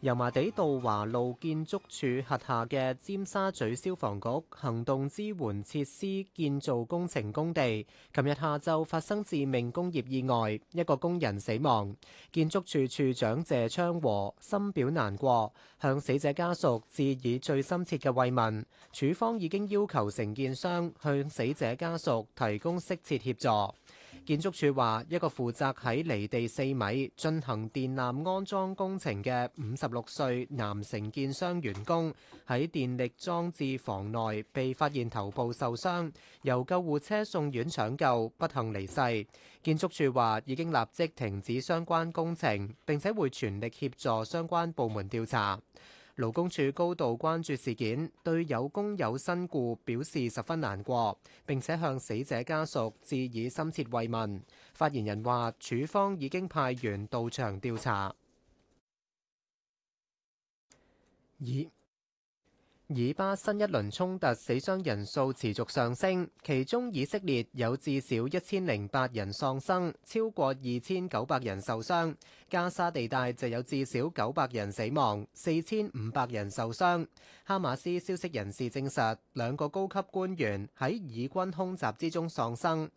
油麻地道華路建築署轄下嘅尖沙咀消防局行動支援設施建造工程工地，琴日下晝發生致命工業意外，一個工人死亡。建築署署長謝昌和深表難過，向死者家屬致以最深切嘅慰問。署方已經要求承建商向死者家屬提供適切協助。建築署話：一個負責喺離地四米進行電纜安裝工程嘅五十六歲男承建商員工，喺電力裝置房內被發現頭部受傷，由救護車送院搶救，不幸離世。建築署話已經立即停止相關工程，並且會全力協助相關部門調查。勞工處高度關注事件，對有工友身故表示十分難過，並且向死者家屬致以深切慰問。發言人話，處方已經派員到場調查。咦。以巴新一輪衝突死傷人數持續上升，其中以色列有至少一千零八人喪生，超過二千九百人受傷；加沙地帶就有至少九百人死亡，四千五百人受傷。哈馬斯消息人士證實，兩個高級官員喺以軍空襲之中喪生。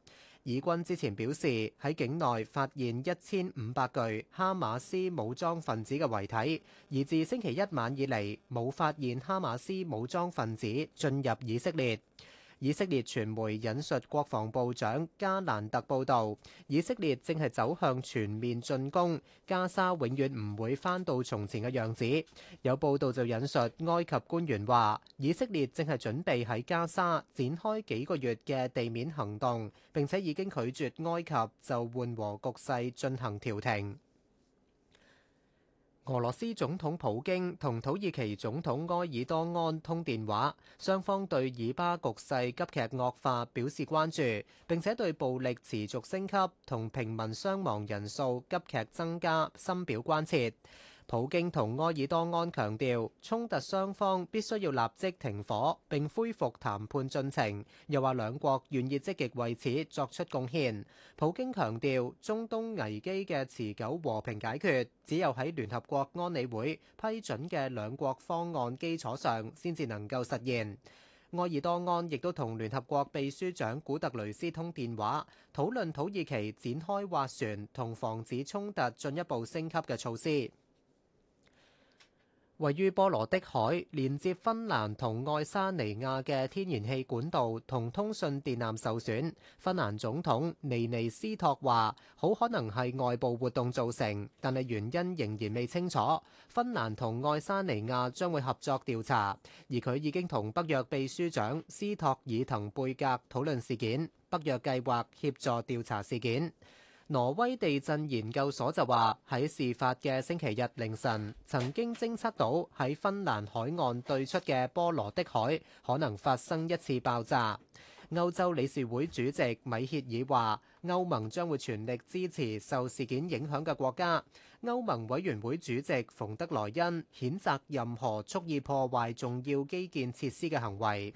以軍之前表示，喺境內發現一千五百具哈馬斯武裝分子嘅遺體，而自星期一晚以嚟冇發現哈馬斯武裝分子進入以色列。以色列傳媒引述國防部長加蘭特報導，以色列正係走向全面進攻，加沙永遠唔會返到從前嘅樣子。有報導就引述埃及官員話，以色列正係準備喺加沙展開幾個月嘅地面行動，並且已經拒絕埃及就緩和局勢進行調停。俄羅斯總統普京同土耳其總統埃爾多安通電話，雙方對以巴局勢急劇惡化表示關注，並且對暴力持續升級同平民傷亡人數急劇增加深表關切。普京同埃爾多安強調，衝突雙方必須要立即停火並恢復談判進程，又話兩國願意積極為此作出貢獻。普京強調，中東危機嘅持久和平解決只有喺聯合國安理會批准嘅兩國方案基礎上，先至能夠實現。埃爾多安亦都同聯合國秘書長古特雷斯通電話，討論土耳其展開斡旋同防止衝突進一步升級嘅措施。位於波羅的海連接芬蘭同愛沙尼亞嘅天然氣管道同通訊電纜，受損芬蘭總統尼尼斯托話，好可能係外部活動造成，但係原因仍然未清楚。芬蘭同愛沙尼亞將會合作調查，而佢已經同北約秘書長斯托爾滕貝格討論事件，北約計劃協助調查事件。挪威地震研究所就話喺事發嘅星期日凌晨，曾經偵測到喺芬蘭海岸對出嘅波羅的海可能發生一次爆炸。歐洲理事會主席米歇爾話，歐盟將會全力支持受事件影響嘅國家。歐盟委員會主席馮德萊恩譴責任何蓄意破壞重要基建設施嘅行為。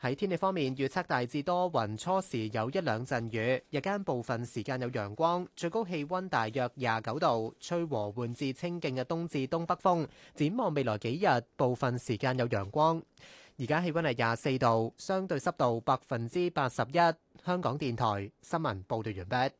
喺天氣方面，預測大致多雲，初時有一兩陣雨，日間部分時間有陽光，最高氣溫大約廿九度，吹和緩至清勁嘅東至東北風。展望未來幾日，部分時間有陽光。而家氣溫係廿四度，相對濕度百分之八十一。香港電台新聞報道完畢。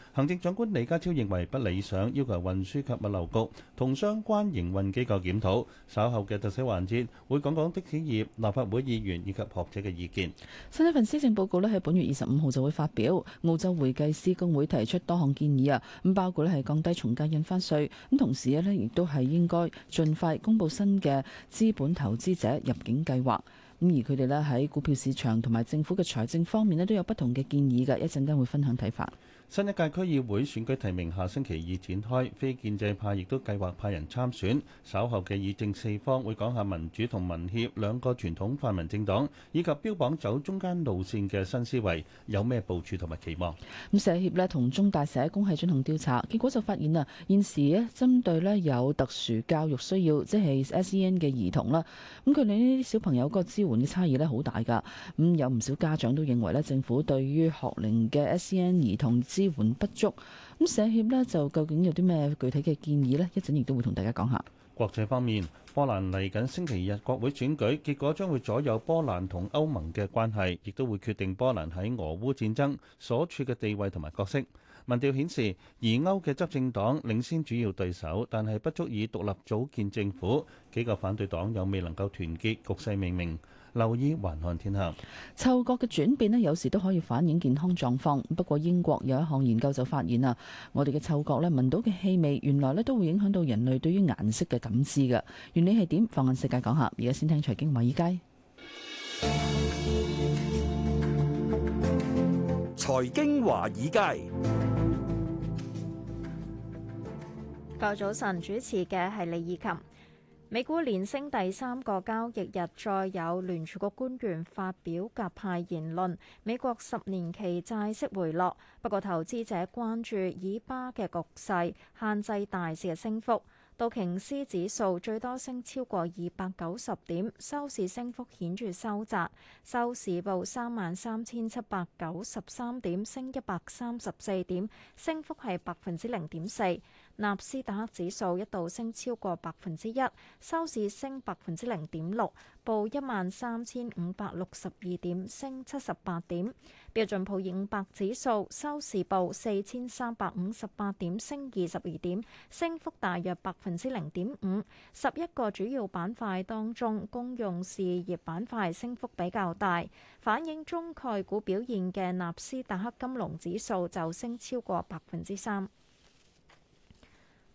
行政長官李家超認為不理想，要求運輸及物流局同相關營運機構檢討。稍後嘅特色環節會講講的企業、立法會議員以及學者嘅意見。新一份施政報告咧，喺本月二十五號就會發表。澳洲會計師公會提出多項建議啊，咁包括咧係降低從價印花稅，咁同時咧亦都係應該盡快公布新嘅資本投資者入境計劃。咁而佢哋咧喺股票市場同埋政府嘅財政方面咧都有不同嘅建議嘅。一陣間會分享睇法。新一屆區議會選舉提名下星期二展開，非建制派亦都計劃派人參選。稍後嘅議政四方會講下民主同民協兩個傳統泛民政黨，以及標榜走中間路線嘅新思維有咩部署同埋期望。咁社協咧同中大社工系進行調查，結果就發現啊，現時咧針對咧有特殊教育需要即係 SEN 嘅兒童啦，咁佢哋呢啲小朋友個支援嘅差異咧好大㗎。咁有唔少家長都認為咧，政府對於學齡嘅 SEN 兒童資緩不足，咁社協呢就究竟有啲咩具體嘅建議呢？一陣亦都會同大家講下。國際方面，波蘭嚟緊星期日國會選舉結果將會左右波蘭同歐盟嘅關係，亦都會決定波蘭喺俄烏戰爭所處嘅地位同埋角色。民調顯示，疑歐嘅執政黨領先主要對手，但係不足以獨立組建政府。幾個反對黨又未能夠團結，局勢未明。留意環看天下，嗅覺嘅轉變咧，有時都可以反映健康狀況。不過英國有一項研究就發現啊，我哋嘅嗅覺咧聞到嘅氣味，原來咧都會影響到人類對於顏色嘅感知嘅。原理係點？放眼世界講下，而家先聽財經華爾街。財經華爾街，今早晨主持嘅係李義琴。美股連升第三個交易日，再有聯儲局官員發表鴿派言論，美國十年期債息回落。不過，投資者關注以巴嘅局勢限制大市嘅升幅。道瓊斯指數最多升超過二百九十點，收市升幅顯著收窄，收市報三萬三千七百九十三點，升一百三十四點，升幅係百分之零點四。納斯達克指數，一度升超過百分之一，收市升百分之零點六，報一萬三千五百六十二點，升七十八點。標準普爾五百指數收市報四千三百五十八點，升二十二點，升幅大約百分之零點五。十一個主要板塊當中，公用事業板塊升幅比較大，反映中概股表現嘅納斯達克金龍指數就升超過百分之三。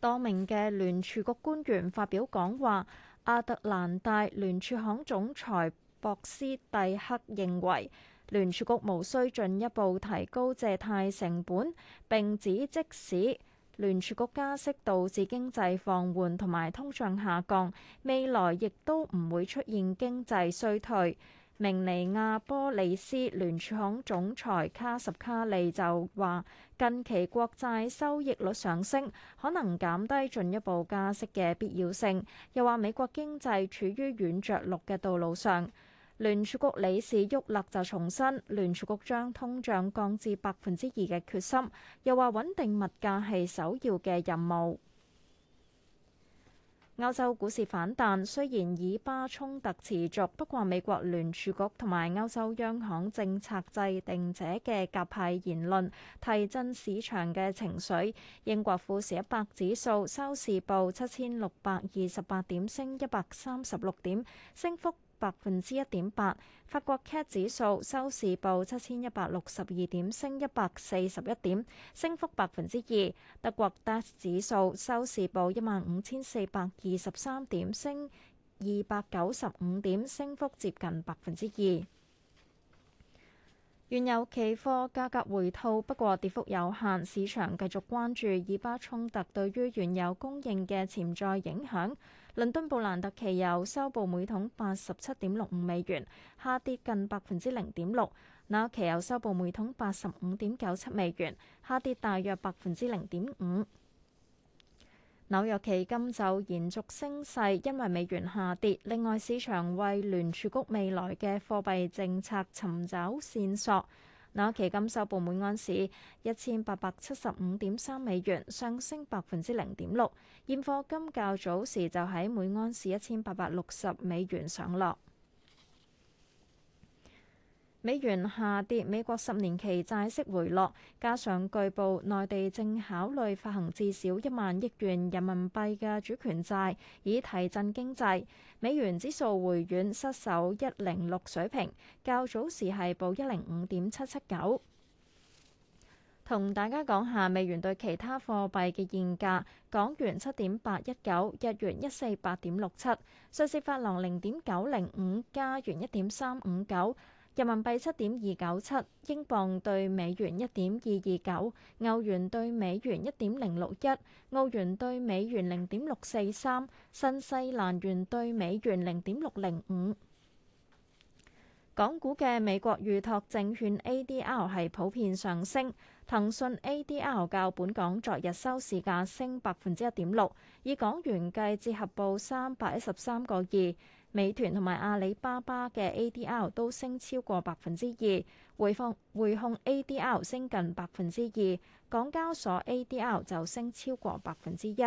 多名嘅聯儲局官員發表講話。亞特蘭大聯儲行總裁博斯蒂克認為，聯儲局無需進一步提高借貸成本，並指，即使聯儲局加息導致經濟放緩同埋通脹下降，未來亦都唔會出現經濟衰退。明尼亞波利斯聯儲行總裁卡什卡利就話：近期國債收益率上升，可能減低進一步加息嘅必要性。又話美國經濟處於軟着陸嘅道路上。聯儲局理事沃勒就重申聯儲局將通脹降至百分之二嘅決心，又話穩定物價係首要嘅任務。歐洲股市反彈，雖然以巴衝突持續，不過美國聯儲局同埋歐洲央行政策制定者嘅鴿派言論提振市場嘅情緒。英國富時一百指數收市報七千六百二十八點，升一百三十六點，升幅。百分之一點八，1> <1. 法國 CAC 指數收市報七千一百六十二點，升一百四十一點，升幅百分之二。德國 DAX 指數收市報一萬五千四百二十三點，升二百九十五點，升幅接近百分之二。原油期貨價格回吐，不過跌幅有限，市場繼續關注以巴衝突對於原油供應嘅潛在影響。倫敦布蘭特期油收報每桶八十七點六五美元，下跌近百分之零點六。紐約期油收報每桶八十五點九七美元，下跌大約百分之零點五。紐約期金就延續升勢，因為美元下跌。另外，市場為聯儲局未來嘅貨幣政策尋找線索。那期金收報每安士一千八百七十五點三美元，上升百分之零點六。現貨金較早時就喺每安士一千八百六十美元上落。美元下跌，美國十年期債息回落，加上據報內地正考慮發行至少一萬億元人民幣嘅主權債，以提振經濟。美元指數回軟失守一零六水平，較早時係報一零五點七七九。同大家講下美元對其他貨幣嘅現價：港元七點八一九，日元一四八點六七，瑞士法郎零點九零五，加元一點三五九。人民幣七點二九七，英鎊對美元一點二二九，歐元對美元一點零六一，澳元對美元零點六四三，新西蘭元對美元零點六零五。港股嘅美國預託證券 ADR 係普遍上升，騰訊 ADR 較本港昨日收市價升百分之一點六，以港元計折合報三百一十三個二。美團同埋阿里巴巴嘅 ADR 都升超過百分之二，匯控匯控 ADR 升近百分之二，港交所 ADR 就升超過百分之一。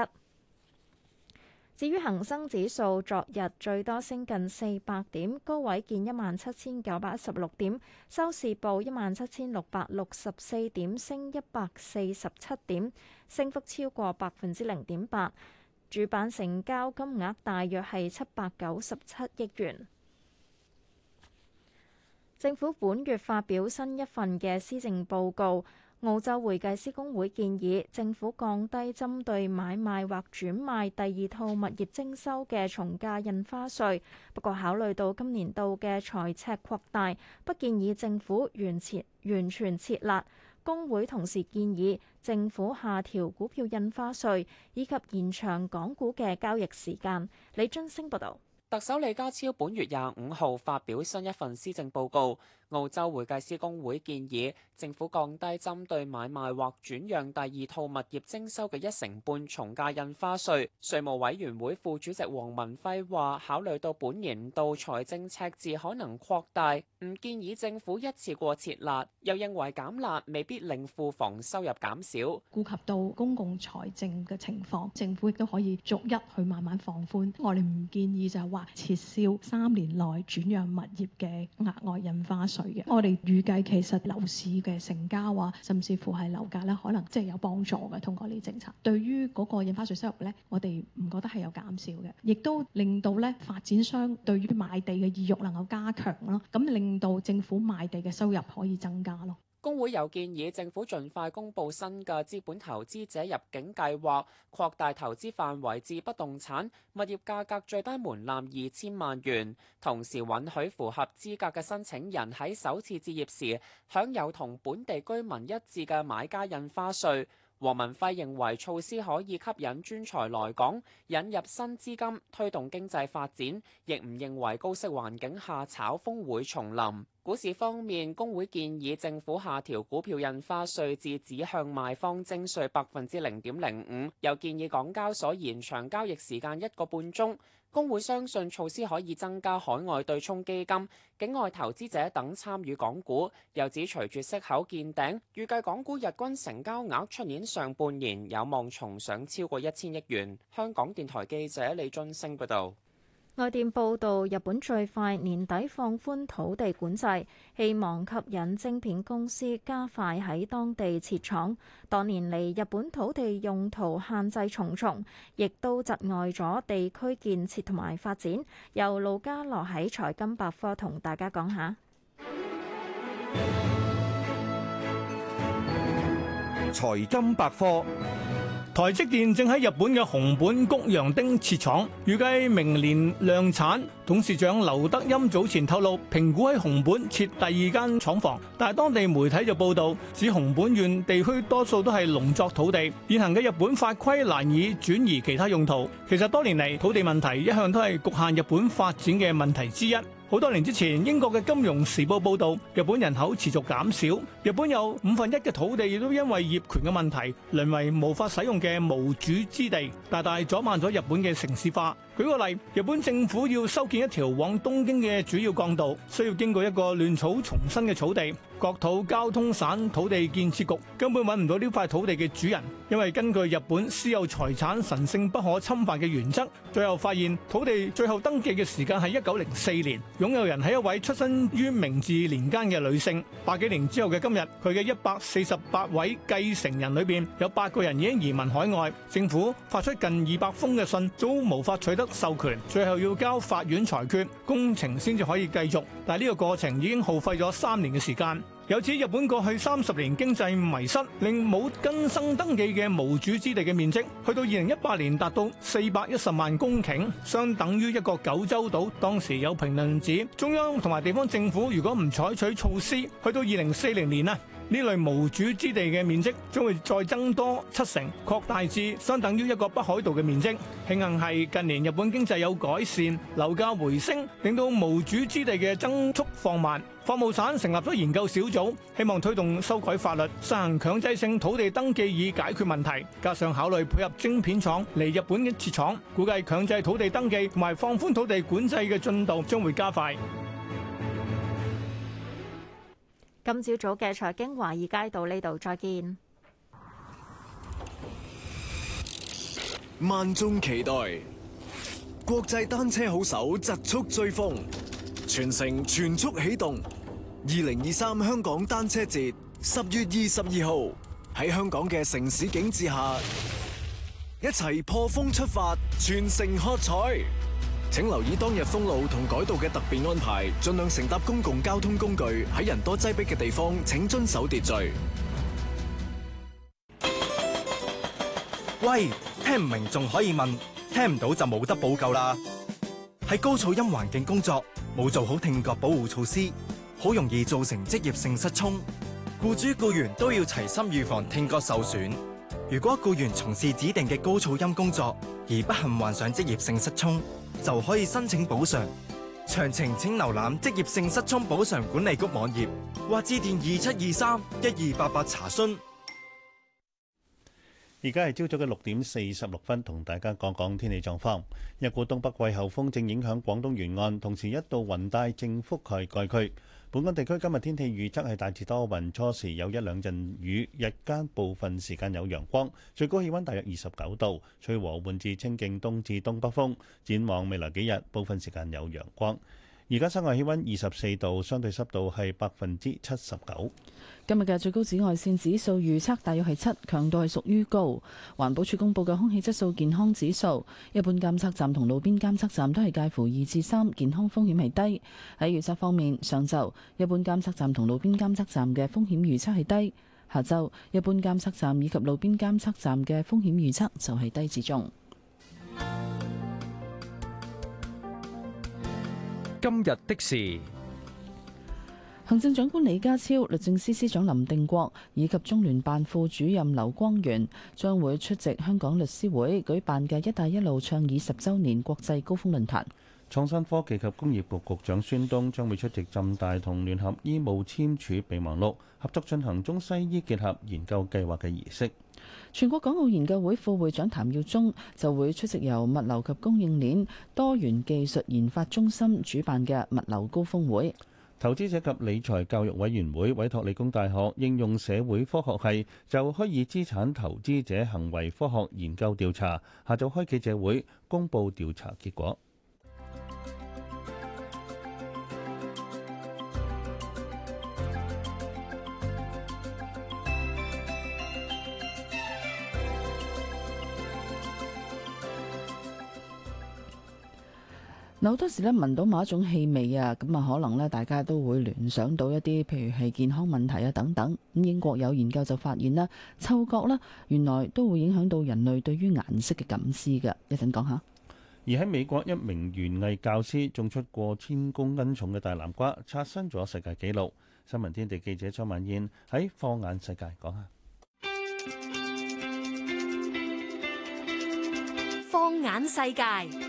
至於恒生指數，昨日最多升近四百點，高位見一萬七千九百一十六點，收市報一萬七千六百六十四點，升一百四十七點，升幅超過百分之零點八。主板成交金額大約係七百九十七億元。政府本月發表新一份嘅施政報告，澳洲會計師公會建議政府降低針對買賣或轉賣第二套物業徵收嘅重價印花稅，不過考慮到今年度嘅財赤擴大，不建議政府完全完全撤辣。工會同時建議政府下調股票印花稅，以及延長港股嘅交易時間。李津升報導。特首李家超本月廿五號發表新一份施政報告。澳洲會計師工會建議政府降低針對買賣或轉讓第二套物業徵收嘅一成半重價印花稅。稅務委員會副主席黃文輝話，考慮到本年度財政赤字可能擴大，唔建議政府一次過撤辣，又認為減辣未必令庫房收入減少。顧及到公共財政嘅情況，政府亦都可以逐一去慢慢放寬。我哋唔建議就係話撤銷三年內轉讓物業嘅額外印花稅。我哋預計其實樓市嘅成交啊，甚至乎係樓價咧，可能即係有幫助嘅。通過呢啲政策，對於嗰個印花稅收入咧，我哋唔覺得係有減少嘅，亦都令到咧發展商對於買地嘅意欲能夠加強咯，咁令到政府賣地嘅收入可以增加咯。工會又建議政府盡快公布新嘅資本投資者入境計劃，擴大投資範圍至不動產，物業價格最低門檻二千萬元，同時允許符合資格嘅申請人喺首次置業時享有同本地居民一致嘅買家印花稅。黃文輝認為措施可以吸引專才來港，引入新資金，推動經濟發展，亦唔認為高息環境下炒風會重臨。股市方面，工會建議政府下調股票印花稅至只向賣方徵稅百分之零點零五，又建議港交所延長交易時間一個半鐘。工會相信措施可以增加海外對沖基金、境外投資者等參與港股，又指隨住息口見頂，預計港股日均成交額出年上半年有望重上超過一千億元。香港電台記者李俊升報道。外電報道，日本最快年底放寬土地管制，希望吸引晶片公司加快喺當地設廠。多年嚟，日本土地用途限制重重，亦都窒礙咗地區建設同埋發展。由盧家樂喺財金百科同大家講下。財金百科。台積電正喺日本嘅熊本谷陽町設廠，預計明年量產。董事長劉德音早前透露，評估喺熊本設第二間廠房，但係當地媒體就報道指熊本縣地區多數都係農作土地，現行嘅日本法規難以轉移其他用途。其實多年嚟，土地問題一向都係局限日本發展嘅問題之一。好多年之前，英國嘅《金融時報》報道，日本人口持續減少。日本有五分一嘅土地都因為業權嘅問題，淪為無法使用嘅無主之地，大大阻慢咗日本嘅城市化。舉個例，日本政府要修建一條往東京嘅主要幹道，需要經過一個亂草叢生嘅草地。國土交通省土地建設局根本揾唔到呢塊土地嘅主人，因為根據日本私有財產神聖不可侵犯嘅原則，最後發現土地最後登記嘅時間係一九零四年，擁有人係一位出生於明治年間嘅女性。百幾年之後嘅今日，佢嘅一百四十八位繼承人裏邊有八個人已經移民海外，政府發出近二百封嘅信，都無法取得授權，最後要交法院裁決，工程先至可以繼續，但係呢個過程已經耗費咗三年嘅時間。有指日本過去三十年經濟迷失，令冇更新登記嘅無主之地嘅面積，去到二零一八年達到四百一十萬公頃，相等於一個九州島。當時有評論指中央同埋地方政府如果唔採取措施，去到二零四零年啊，呢類無主之地嘅面積將會再增多七成，擴大至相等於一個北海道嘅面積。慶幸係近年日本經濟有改善，樓價回升，令到無主之地嘅增速放慢。法務省成立咗研究小組，希望推動修改法律，施行強制性土地登記以解決問題。加上考慮配合晶片廠嚟日本嘅設廠，估計強制土地登記同埋放寬土地管制嘅進度將會加快。今朝早嘅財經華爾街道呢度再見。萬眾期待，國際單車好手疾速追風，全城全速起動。二零二三香港單車節十月二十二號喺香港嘅城市景致下，一齊破風出發，全城喝彩。請留意當日封路同改道嘅特別安排，盡量乘搭公共交通工具。喺人多擠逼嘅地方，請遵守秩序。喂，聽唔明仲可以問，聽唔到就冇得補救啦。喺高噪音環境工作，冇做好聽覺保護措施，好容易造成職業性失聰。僱主僱員都要齊心預防聽覺受損。如果僱員從事指定嘅高噪音工作，而不幸患上職業性失聰。就可以申請補償，詳情請瀏覽職業性失聰補償管理局網頁，或致電二七二三一二八八查詢。而家係朝早嘅六點四十六分，同大家講講天氣狀況。一股東北季候風正影響廣東沿岸，同時一道雲帶正覆蓋該區。本港地區今日天氣預測係大致多雲，初時有一兩陣雨，日間部分時間有陽光，最高氣溫大約二十九度，吹和緩至清勁東至東北風。展望未來幾日，部分時間有陽光。而家室外氣溫二十四度，相對濕度係百分之七十九。今日嘅最高紫外線指數預測大約係七，強度係屬於高。環保署公布嘅空氣質素健康指數，一般監測站同路邊監測站都係介乎二至三，健康風險係低。喺預測方面，上晝一般監測站同路邊監測站嘅風險預測係低，下晝一般監測站以及路邊監測站嘅風險預測就係低至中。今日的事，行政長官李家超、律政司司長林定國以及中聯辦副主任劉光源將會出席香港律師會舉辦嘅“一帶一路倡議十周年國際高峰論壇”。創新科技及工業局局長孫東將會出席浸大同聯合醫務簽署備忘錄、合作進行中西醫結合研究計劃嘅儀式。全國港澳研究會副會長譚耀宗就會出席由物流及供應鏈多元技術研發中心主辦嘅物流高峰會。投資者及理財教育委員會委託理工大學應用社會科學系就虛擬資產投資者行為科學研究調查，下晝開記者會公佈調查結果。嗱好多時咧聞到某一種氣味啊，咁啊可能咧大家都會聯想到一啲譬如係健康問題啊等等。咁英國有研究就發現啦，嗅覺咧原來都會影響到人類對於顏色嘅感知嘅。一陣講下。而喺美國，一名園藝教師種出過千公斤重嘅大南瓜，刷新咗世界紀錄。新聞天地記者周敏燕喺放眼世界講下。放眼世界。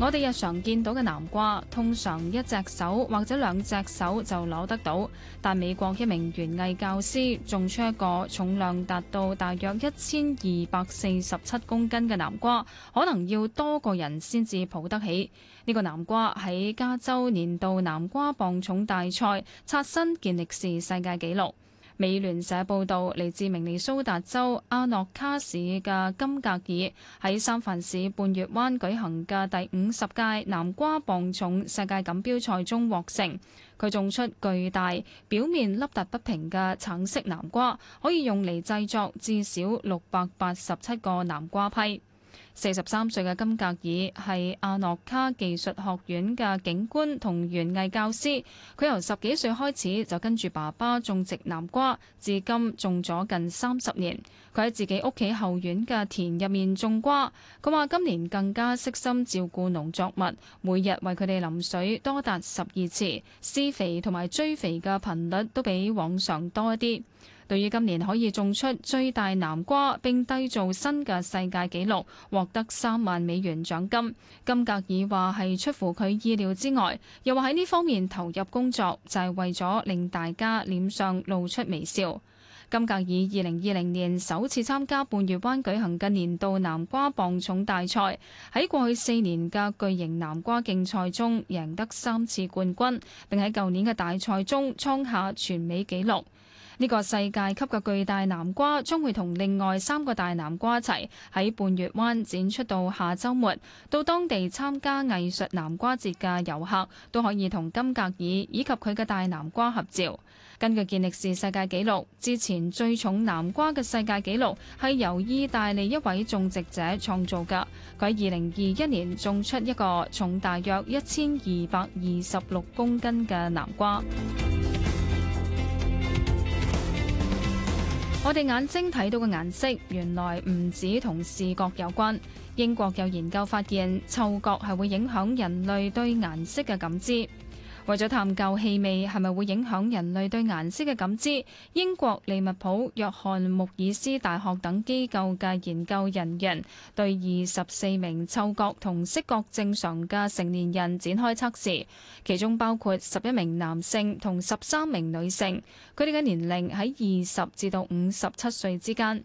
我哋日常見到嘅南瓜，通常一隻手或者兩隻手就攞得到。但美國一名園藝教師種出一個重量達到大約一千二百四十七公斤嘅南瓜，可能要多個人先至抱得起。呢個南瓜喺加州年度南瓜磅重大賽刷新健力士世界紀錄。美聯社報道，嚟自明尼蘇達州阿諾卡市嘅金格爾喺三藩市半月灣舉行嘅第五十屆南瓜磅重世界錦標賽中獲勝。佢種出巨大、表面凹凸不平嘅橙色南瓜，可以用嚟製作至少六百八十七個南瓜批。四十三歲嘅金格爾係阿諾卡技術學院嘅景觀同園藝教師，佢由十幾歲開始就跟住爸爸種植南瓜，至今種咗近三十年。佢喺自己屋企後院嘅田入面種瓜，佢話今年更加悉心照顧農作物，每日為佢哋淋水多達十二次，施肥同埋追肥嘅頻率都比往常多一啲。對於今年可以種出最大南瓜並締造新嘅世界紀錄，獲得三萬美元獎金，金格爾話係出乎佢意料之外，又話喺呢方面投入工作就係為咗令大家臉上露出微笑。金格爾二零二零年首次參加半月灣舉行嘅年度南瓜磅重大賽，喺過去四年嘅巨型南瓜競賽中贏得三次冠軍，並喺舊年嘅大賽中創下全美紀錄。呢個世界級嘅巨大南瓜將會同另外三個大南瓜一齊喺半月灣展出到下週末。到當地參加藝術南瓜節嘅遊客都可以同金格爾以及佢嘅大南瓜合照。根據健力士世界紀錄，之前最重南瓜嘅世界紀錄係由意大利一位種植者創造嘅，佢喺2021年種出一個重大約1226公斤嘅南瓜。我哋眼睛睇到嘅顏色，原來唔止同視覺有關。英國有研究發現，嗅覺係會影響人類對顏色嘅感知。為咗探究氣味係咪會影響人類對顏色嘅感知，英國利物浦約翰穆爾斯大學等機構嘅研究人員對二十四名嗅覺同色覺正常嘅成年人展開測試，其中包括十一名男性同十三名女性，佢哋嘅年齡喺二十至到五十七歲之間。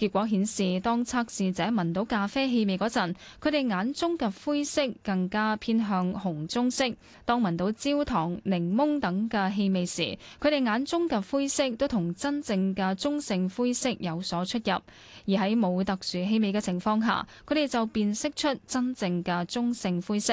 結果顯示，當測試者聞到咖啡氣味嗰陣，佢哋眼中嘅灰色更加偏向紅棕色；當聞到焦糖、檸檬等嘅氣味時，佢哋眼中嘅灰色都同真正嘅中性灰色有所出入；而喺冇特殊氣味嘅情況下，佢哋就辨識出真正嘅中性灰色。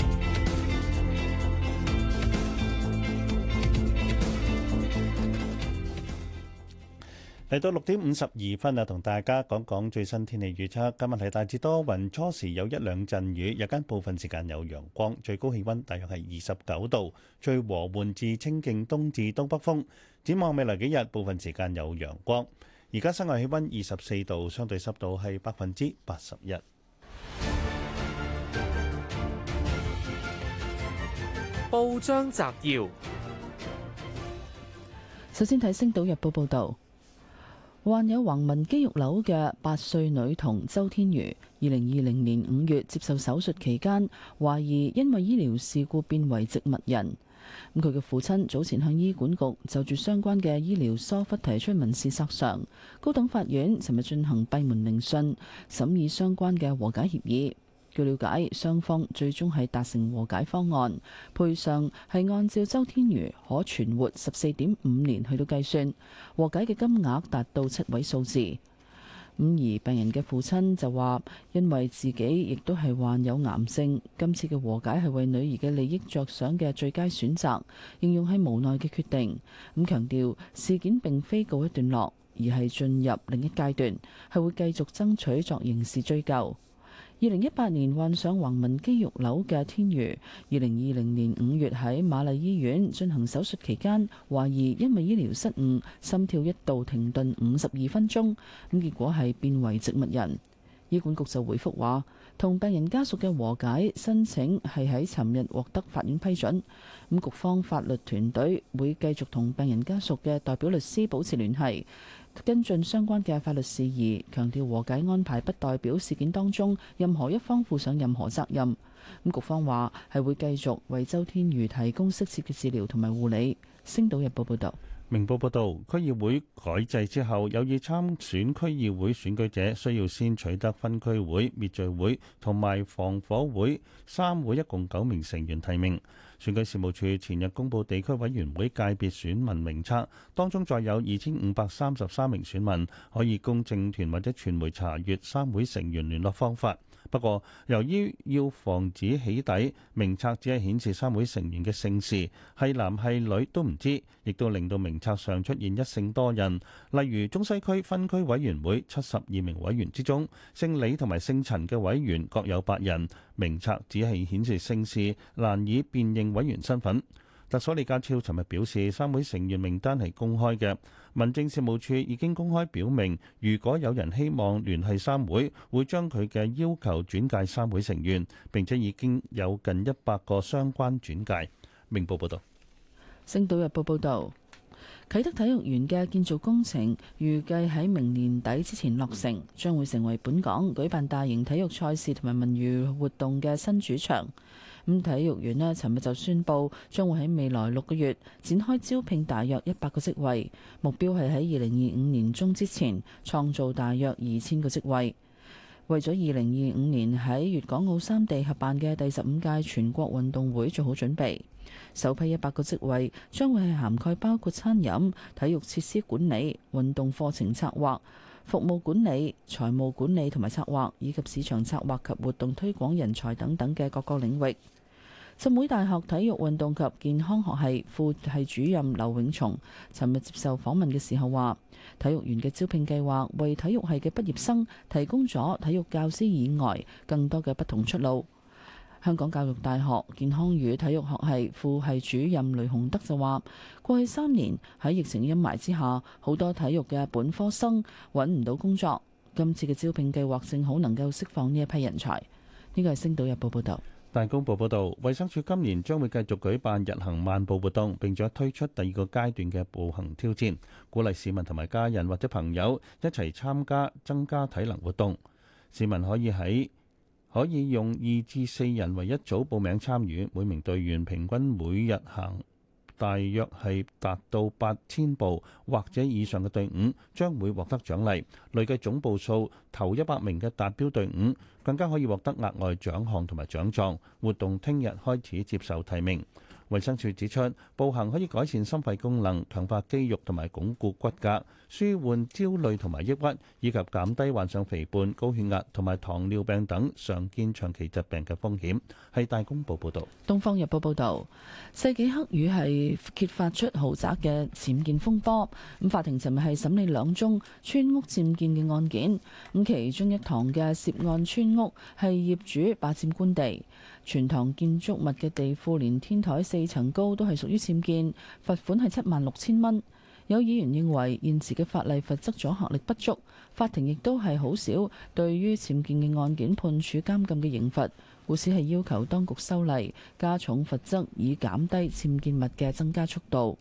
嚟到六點五十二分啊，同大家講講最新天氣預測。今日係大致多雲，初時有一兩陣雨，日間部分時間有陽光，最高氣温大約係二十九度，最和緩至清勁東至東北風。展望未來幾日，部分時間有陽光。而家室外氣温二十四度，相對濕度係百分之八十一。報章摘要：首先睇《星島日報》報道。患有橫紋肌肉瘤嘅八歲女童周天瑜，二零二零年五月接受手術期間，懷疑因為醫療事故變為植物人。咁佢嘅父親早前向醫管局就住相關嘅醫療疏忽提出民事索償。高等法院尋日進行閉門聆訊，審議相關嘅和解協議。據了解，雙方最終係達成和解方案，賠償係按照周天瑜可存活十四點五年去到計算，和解嘅金額達到七位數字。咁而病人嘅父親就話，因為自己亦都係患有癌症，今次嘅和解係為女兒嘅利益着想嘅最佳選擇，形容係無奈嘅決定。咁強調事件並非告一段落，而係進入另一階段，係會繼續爭取作刑事追究。二零一八年患上橫紋肌肉瘤嘅天如，二零二零年五月喺瑪麗醫院進行手術期間，懷疑因為醫療失誤，心跳一度停頓五十二分鐘，咁結果係變為植物人。醫管局就回覆話，同病人家屬嘅和解申請係喺尋日獲得法院批准，咁局方法律團隊會繼續同病人家屬嘅代表律師保持聯繫。跟進相關嘅法律事宜，強調和解安排不代表事件當中任何一方負上任何責任。咁局方話係會繼續為周天宇提供適切嘅治療同埋護理。星島日報報道。明報報道，區議會改制之後，有意參選區議會選舉者需要先取得分區會、滅罪會同埋防火會三會一共九名成員提名。選舉事務處前日公布地區委員會界別選民名冊，當中載有二千五百三十三名選民，可以供政團或者傳媒查閲三會成員聯絡方法。不過，由於要防止起底，名冊只係顯示三位成員嘅姓氏，係男係女都唔知，亦都令到名冊上出現一姓多人。例如中西區分區委員會七十二名委員之中，姓李同埋姓陳嘅委員各有八人，名冊只係顯示姓氏，難以辨認委員身份。特首李家超尋日表示，三會成員名單係公開嘅。民政事務處已經公開表明，如果有人希望聯繫三會，會將佢嘅要求轉介三會成員，並且已經有近一百個相關轉介。明報報道。《星島日報》報道，啟德體育園嘅建造工程預計喺明年底之前落成，將會成為本港舉辦大型體育賽事同埋文娛活動嘅新主場。咁體育園呢，尋日就宣布將會喺未來六個月展開招聘，大約一百個職位。目標係喺二零二五年中之前創造大約二千個職位，為咗二零二五年喺粵港澳三地合辦嘅第十五屆全國運動會做好準備。首批一百個職位將會係涵蓋包括餐飲、體育設施管理、運動課程策劃、服務管理、財務管理同埋策劃，以及市場策劃及活動推廣人才等等嘅各個領域。浸會大學體育運動及健康學系副系主任劉永松尋日接受訪問嘅時候話，體育員嘅招聘計劃為體育系嘅畢業生提供咗體育教師以外更多嘅不同出路。香港教育大學健康與體育學系副系主任雷洪德就話，過去三年喺疫情陰霾之下，好多體育嘅本科生揾唔到工作，今次嘅招聘計劃正好能夠釋放呢一批人才。呢個係星島日報報道。大公報報導，衛生署今年將會繼續舉辦日行萬步活動，並且推出第二個階段嘅步行挑戰，鼓勵市民同埋家人或者朋友一齊參加，增加體能活動。市民可以喺可以用二至四人為一組報名參與，每名隊員平均每日行。大約係達到八千步或者以上嘅隊伍，將會獲得獎勵。累計總步數頭一百名嘅達標隊伍，更加可以獲得額外獎項同埋獎狀。活動聽日開始接受提名。衛生署指出，步行可以改善心肺功能、強化肌肉同埋鞏固骨骼，舒緩焦慮同埋抑鬱，以及減低患上肥胖、高血壓同埋糖尿病等常見長期疾病嘅風險。係大公報報導，《東方日報》報導，世紀黑雨係揭發出豪宅嘅僭建風波。咁法庭尋日係審理兩宗村屋僭建嘅案件，咁其中一堂嘅涉案村屋係業主霸佔官地。全堂建築物嘅地庫連天台四層高都係屬於僭建，罰款係七萬六千蚊。有議員認為現時嘅法例罰則阻嚇力不足，法庭亦都係好少對於僭建嘅案件判處監禁嘅刑罰，故此係要求當局修例加重罰則，以減低僭建物嘅增加速度。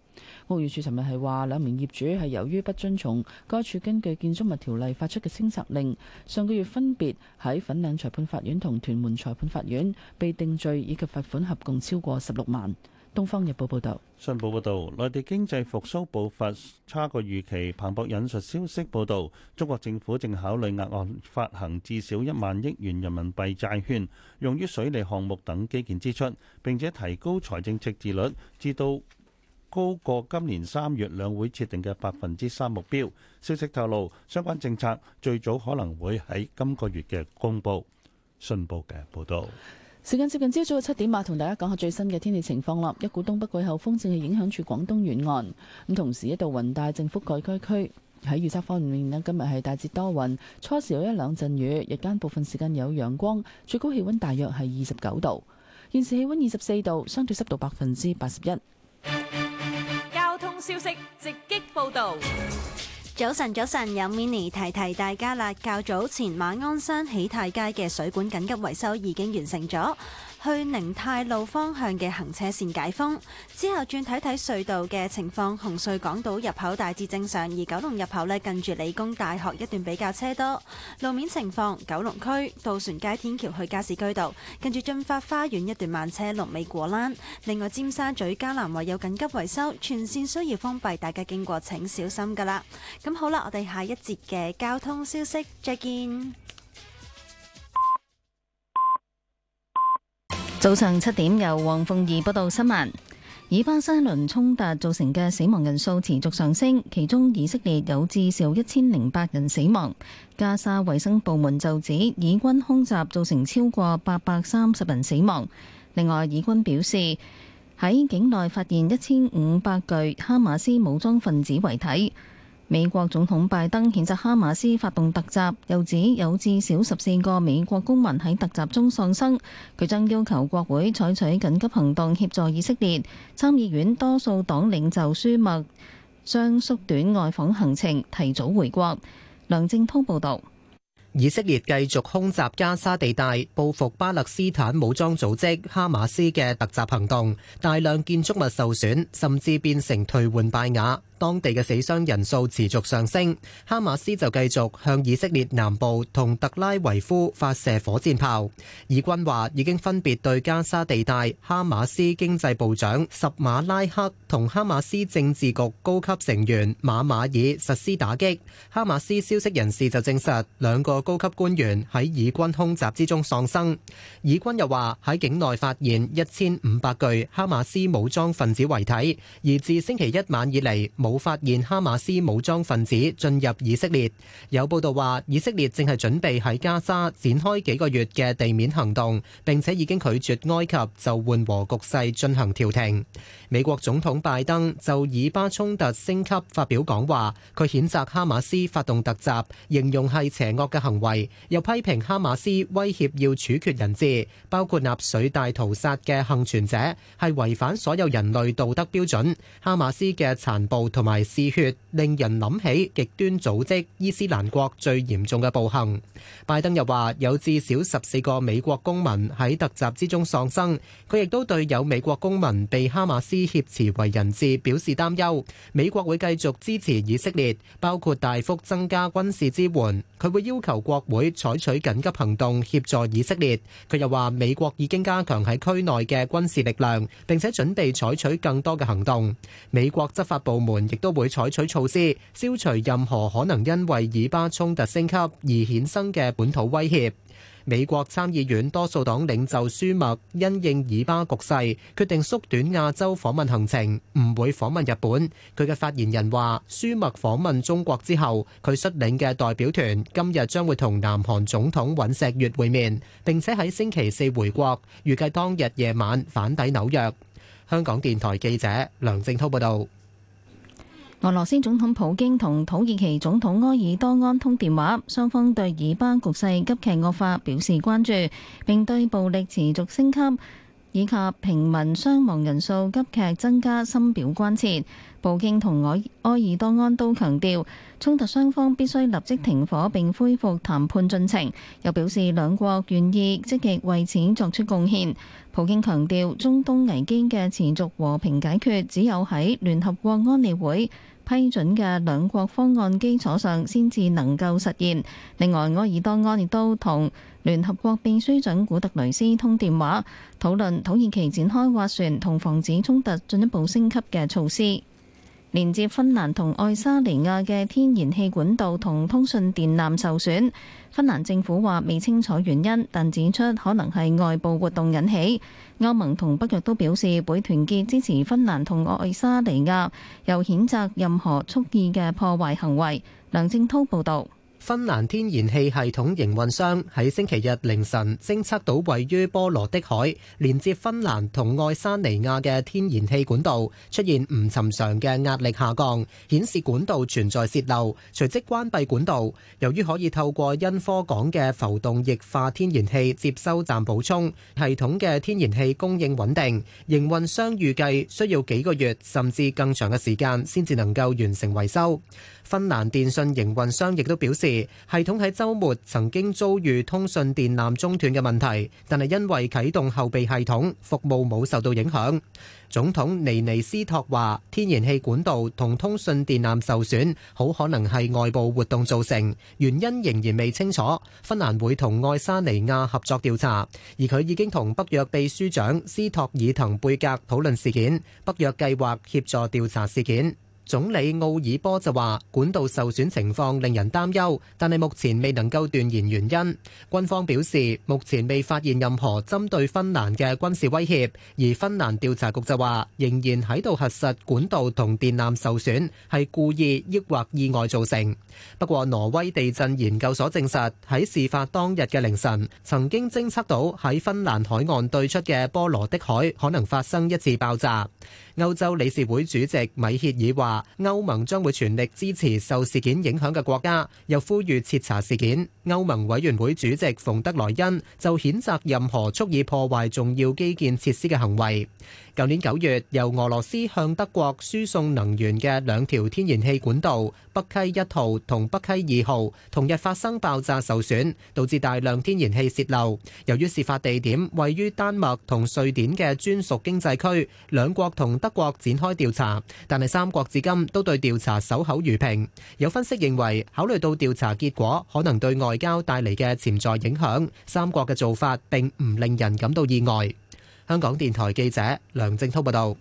屋宇署尋日係話兩名業主係由於不遵從該署根據建築物條例發出嘅清拆令，上個月分別喺粉嶺裁判法院同屯門裁判法院被定罪以及罰款，合共超過十六萬。《東方日報，報》報道，信報報道內地經濟復蘇步伐差過預期。彭博引述消息報道，中國政府正考慮額外發行至少一萬億元人民幣債券，用於水利項目等基建支出，並且提高財政赤字率，至到高過今年三月兩會設定嘅百分之三目標。消息透露，相關政策最早可能會喺今個月嘅公布。信報嘅報道。時間接近朝早嘅七點嘛，同大家講下最新嘅天氣情況啦。一股東北季候風正係影響住廣東沿岸，咁同時一度雲帶正覆蓋該區。喺預測方面咧，今日係大致多雲，初時有一兩陣雨，日間部分時間有陽光，最高氣溫大約係二十九度，現時氣溫二十四度，相對濕度百分之八十一。交通消息直擊報道。早晨，早晨，有 Mini 提提大家啦。較早前馬鞍山喜泰街嘅水管緊急維修已經完成咗。去寧泰路方向嘅行車線解封。之後轉睇睇隧道嘅情況。紅隧港島入口大致正常，而九龍入口咧近住理工大學一段比較車多。路面情況，九龍區渡船街天橋去加士居道，近住駿發花園一段慢車六尾果欄。另外，尖沙咀加南圍有緊急維修，全線需要封閉，大家經過請小心噶啦。咁好啦，我哋下一節嘅交通消息再見。早上七點，由黃鳳儀報道新聞。以巴新一輪衝突造成嘅死亡人數持續上升，其中以色列有至少一千零八人死亡。加沙衛生部門就指，以軍空襲造成超過八百三十人死亡。另外，以軍表示喺境內發現一千五百具哈馬斯武裝分子遺體。美國總統拜登譴責哈馬斯發動突襲，又指有至少十四個美國公民喺突襲中喪生。佢將要求國會採取緊急行動協助以色列。參議院多數黨領袖舒默將縮短外訪行程，提早回國。梁正通報道：以色列繼續空襲加沙地帶，報復巴勒斯坦武裝組織哈馬斯嘅突襲行動，大量建築物受損，甚至變成頹垣敗瓦。當地嘅死傷人數持續上升，哈馬斯就繼續向以色列南部同特拉維夫發射火箭炮。以軍話已經分別對加沙地帶哈馬斯經濟部長十馬拉克同哈馬斯政治局高級成員馬馬爾實施打擊。哈馬斯消息人士就證實兩個高級官員喺以軍空襲之中喪生。以軍又話喺境內發現一千五百具哈馬斯武裝分子遺體，而自星期一晚以嚟冇發現哈馬斯武裝分子進入以色列。有報道話，以色列正係準備喺加沙展開幾個月嘅地面行動，並且已經拒絕埃及就緩和局勢進行調停。美國總統拜登就以巴衝突升級發表講話，佢譴責哈馬斯發動突襲，形容係邪惡嘅行為，又批評哈馬斯威脅要處決人質，包括納粹大屠殺嘅幸存者，係違反所有人類道德標準。哈馬斯嘅殘暴同同埋嗜血，令人諗起極端組織伊斯蘭國最嚴重嘅暴行。拜登又話有至少十四個美國公民喺突襲之中喪生。佢亦都對有美國公民被哈馬斯挾持為人質表示擔憂。美國會繼續支持以色列，包括大幅增加軍事支援。佢會要求國會採取緊急行動，協助以色列。佢又話美國已經加強喺區內嘅軍事力量，並且準備採取更多嘅行動。美國執法部門。亦都會採取措施消除任何可能因為以巴衝突升級而衍生嘅本土威脅。美國參議院多數黨領袖舒默因應以巴局勢，決定縮短亞洲訪問行程，唔會訪問日本。佢嘅發言人話：舒默訪問中國之後，佢率領嘅代表團今日將會同南韓總統尹錫悅會面，並且喺星期四回國，預計當日夜晚返抵紐約。香港電台記者梁正滔報導。俄羅斯總統普京同土耳其總統埃爾多安通電話，雙方對以巴局勢急劇惡化表示關注，並對暴力持續升級以及平民傷亡人數急劇增加深表關切。普京同埃埃爾多安都強調，衝突雙方必須立即停火並恢復談判進程，又表示兩國願意積極為此作出貢獻。普京強調，中東危機嘅持續和平解決只有喺聯合國安理會批准嘅兩國方案基礎上，先至能夠實現。另外，埃爾多安亦都同聯合國秘書長古特雷斯通電話，討論土耳其展開斡旋同防止衝突進一步升級嘅措施。連接芬蘭同愛沙尼亞嘅天然氣管道同通訊電纜受損，芬蘭政府話未清楚原因，但指出可能係外部活動引起。歐盟同北約都表示會團結支持芬蘭同愛沙尼亞，又譴責任何蓄意嘅破壞行為。梁正濤報道。芬蘭天然氣系統營運商喺星期日凌晨偵測到位於波羅的海、連接芬蘭同愛沙尼亞嘅天然氣管道出現唔尋常嘅壓力下降，顯示管道存在洩漏，隨即關閉管道。由於可以透過因科港嘅浮動液化天然氣接收站補充，系統嘅天然氣供應穩定，營運商預計需要幾個月，甚至更長嘅時間先至能夠完成維修。芬蘭電信營運商亦都表示，系統喺週末曾經遭遇通訊電纜中斷嘅問題，但係因為啟動後備系統，服務冇受到影響。總統尼尼斯托話，天然氣管道同通訊電纜受損，好可能係外部活動造成，原因仍然未清楚。芬蘭會同愛沙尼亞合作調查，而佢已經同北約秘書長斯托爾滕貝格討論事件，北約計劃協助調查事件。總理奧爾波就話管道受損情況令人擔憂，但係目前未能夠斷言原因。軍方表示目前未發現任何針對芬蘭嘅軍事威脅，而芬蘭調查局就話仍然喺度核實管道同電纜受損係故意抑或，意外造成。不過挪威地震研究所證實喺事發當日嘅凌晨，曾經偵測到喺芬蘭海岸對出嘅波羅的海可能發生一次爆炸。歐洲理事會主席米歇爾話：歐盟將會全力支持受事件影響嘅國家，又呼籲徹查事件。歐盟委員會主席馮德萊恩就譴責任何蓄意破壞重要基建設施嘅行為。舊年九月，由俄羅斯向德國輸送能源嘅兩條天然氣管道北溪一號同北溪二號，同日發生爆炸受損，導致大量天然氣洩漏。由於事發地點位於丹麥同瑞典嘅專屬經濟區，兩國同德國展開調查，但係三國至今都對調查守口如瓶。有分析認為，考慮到調查結果可能對外交帶嚟嘅潛在影響，三國嘅做法並唔令人感到意外。香港電台記者梁正濤報道：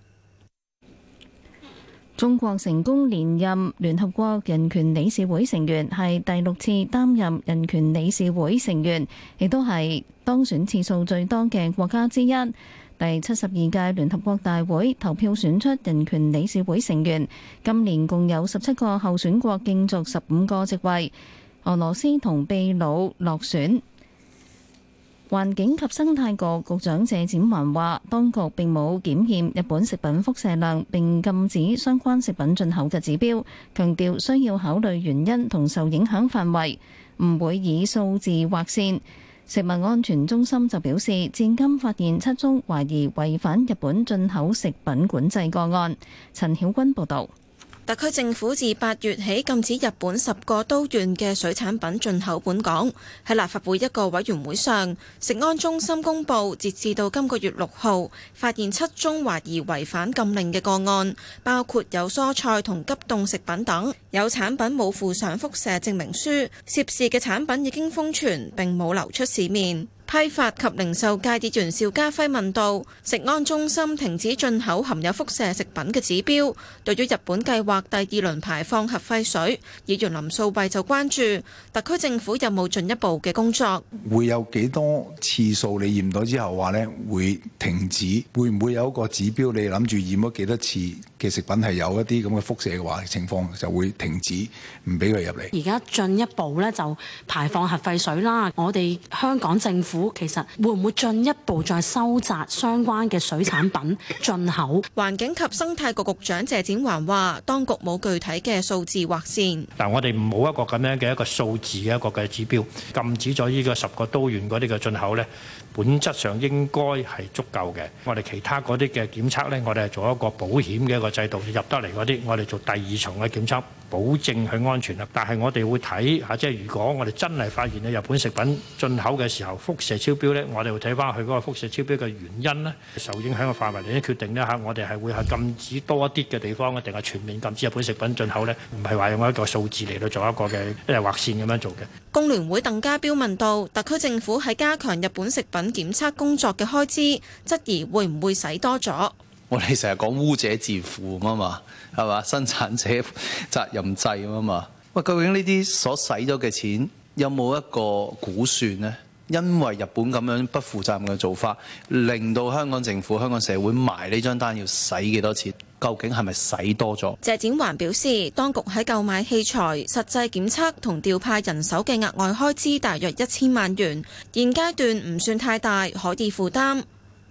中國成功連任聯合國人權理事會成員，係第六次擔任人權理事會成員，亦都係當選次數最多嘅國家之一。第七十二屆聯合國大會投票選出人權理事會成員，今年共有十七個候選國競逐十五個席位，俄羅斯同秘魯落選。環境及生態局局，局長謝展寰話：當局並冇檢驗日本食品輻射量並禁止相關食品進口嘅指標，強調需要考慮原因同受影響範圍，唔會以數字劃線。食物安全中心就表示，至今發現七宗懷疑違反日本進口食品管制個案。陳曉君報導。特區政府自八月起禁止日本十個都縣嘅水產品進口本港。喺立法會一個委員會上，食安中心公布，截至到今個月六號，發現七宗懷疑違反禁令嘅個案，包括有蔬菜同急凍食品等，有產品冇附上輻射證明書，涉事嘅產品已經封存，並冇流出市面。批發及零售界議員邵家輝問道：食安中心停止進口含有輻射食品嘅指標，對於日本計劃第二輪排放核廢水，議員林素蔚就關注特區政府有冇進一步嘅工作，會有幾多次數你驗到之後話呢會停止，會唔會有一個指標你諗住驗咗幾多次？嘅食品係有一啲咁嘅輻射嘅話，情況就會停止，唔俾佢入嚟。而家進一步咧，就排放核廢水啦。我哋香港政府其實會唔會進一步再收窄相關嘅水產品進口？環境及生態局局長謝展寰話當局冇具體嘅數字劃線。但我哋冇一個咁樣嘅一個數字嘅一個嘅指標禁止咗呢個十個都縣嗰啲嘅進口咧。本質上應該係足夠嘅。我哋其他嗰啲嘅檢測呢，我哋係做一個保險嘅一個制度入得嚟嗰啲，我哋做第二重嘅檢測，保證佢安全啦。但係我哋會睇下，即係如果我哋真係發現日本食品進口嘅時候輻射超標呢，我哋會睇翻佢嗰個輻射超標嘅原因呢，受影響嘅範圍嚟咧決定呢，嚇，我哋係會係禁止多一啲嘅地方，定係全面禁止日本食品進口呢？唔係話用一個數字嚟到做一個嘅劃線咁樣做嘅。工聯會鄧家彪問到特區政府喺加強日本食品檢測工作嘅開支，質疑會唔會使多咗 ？我哋成日講污者自付啊嘛，係嘛，生產者責任制啊嘛。喂、嗯，究竟呢啲所使咗嘅錢有冇一個估算呢？因為日本咁樣不負責任嘅做法，令到香港政府、香港社會埋呢張單要使幾多錢？究竟係咪使多咗？謝展環表示，當局喺購買器材、實際檢測同調派人手嘅額外開支大約一千萬元，現階段唔算太大，可以負擔。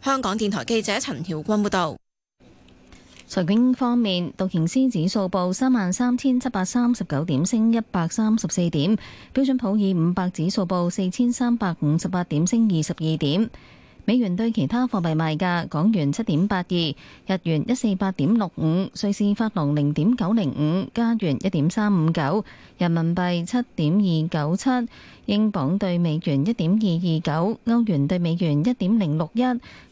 香港電台記者陳曉君報道。財經方面，道瓊斯指數報三萬三千七百三十九點，升一百三十四點；標準普爾五百指數報四千三百五十八點，升二十二點。美元對其他貨幣賣價：港元七點八二，日元一四八點六五，瑞士法郎零點九零五，加元一點三五九，人民幣七點二九七，英鎊對美元一點二二九，歐元對美元一點零六一，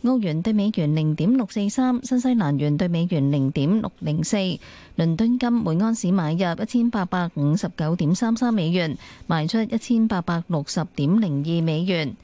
澳元對美元零點六四三，新西蘭元對美元零點六零四。倫敦金每安士買入一千八百五十九點三三美元，賣出一千八百六十點零二美元。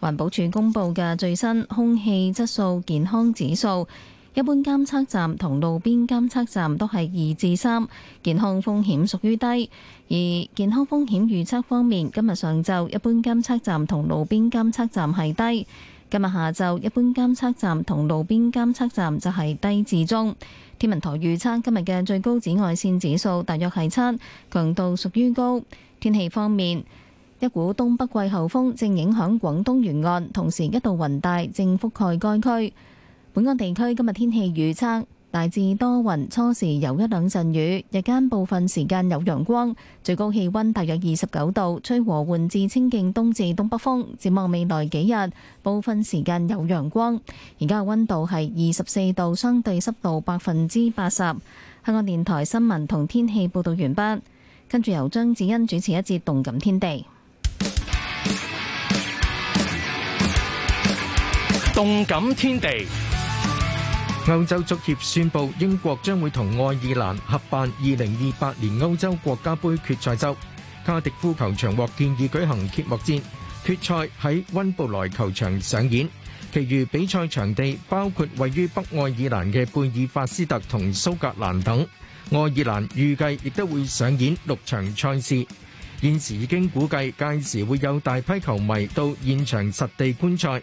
環保署公布嘅最新空氣質素健康指數，一般監測站同路邊監測站都係二至三，健康風險屬於低。而健康風險預測方面，今日上晝一般監測站同路邊監測站係低，今日下晝一般監測站同路邊監測站就係低至中。天文台預測今日嘅最高紫外線指數大約係七，強度屬於高。天氣方面。一股東北季候風正影響廣東沿岸，同時一道雲帶正覆蓋該區。本港地區今日天氣預測大致多雲，初時有一兩陣雨，日間部分時間有陽光，最高氣溫大約二十九度，吹和緩至清勁東至東北風。展望未來幾日，部分時間有陽光。而家嘅溫度係二十四度，相對濕度百分之八十。香港電台新聞同天氣報道完畢，跟住由張子欣主持一節《動感天地》。動感天地。歐洲足協宣布，英國將會同愛爾蘭合辦二零二八年歐洲國家盃決賽周，卡迪夫球場獲建議舉行揭幕戰，決賽喺溫布萊球場上演。其餘比賽場地包括位於北愛爾蘭嘅貝爾法斯特同蘇格蘭等。愛爾蘭預計亦都會上演六場賽事。現時已經估計，屆時會有大批球迷到現場實地觀賽。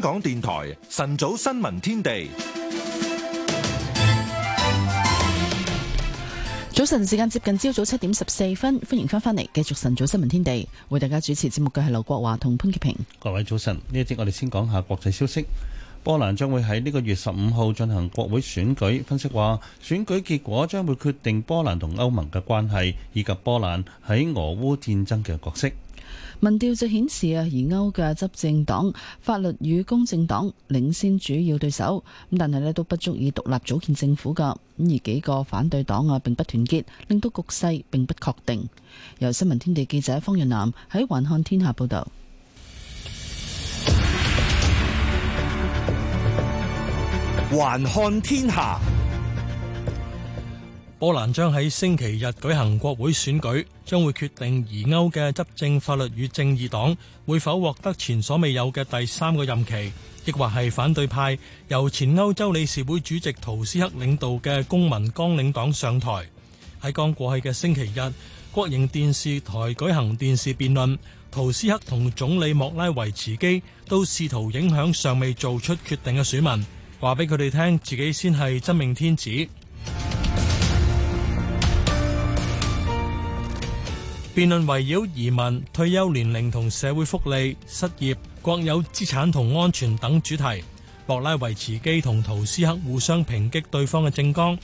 香港電台晨早新聞天地，早晨時間接近朝早七點十四分，歡迎翻返嚟，繼續晨早新聞天地，為大家主持節目嘅係劉國華同潘潔平。各位早晨，呢一節我哋先講下國際消息。波蘭將會喺呢個月十五號進行國會選舉，分析話選舉結果將會決定波蘭同歐盟嘅關係，以及波蘭喺俄烏戰爭嘅角色。民調就顯示啊，而歐嘅執政黨法律與公正黨領先主要對手，咁但係咧都不足以獨立組建政府㗎。咁而幾個反對黨啊，並不團結，令到局勢並不確定。由新聞天地記者方潤南喺環看天下報道。環看天下。報波蘭將喺星期日舉行國會選舉，將會決定移歐嘅執政法律與正義黨會否獲得前所未有嘅第三個任期，亦或係反對派由前歐洲理事會主席圖斯克領導嘅公民綱領黨上台。喺剛過去嘅星期日，國營電視台舉行電視辯論，圖斯克同總理莫拉維茨基都試圖影響尚未做出決定嘅選民，話俾佢哋聽自己先係真命天子。辯論圍繞移民、退休年齡同社會福利、失業、國有資產同安全等主題。莫拉維茨基同圖斯克互相抨擊對方嘅政綱。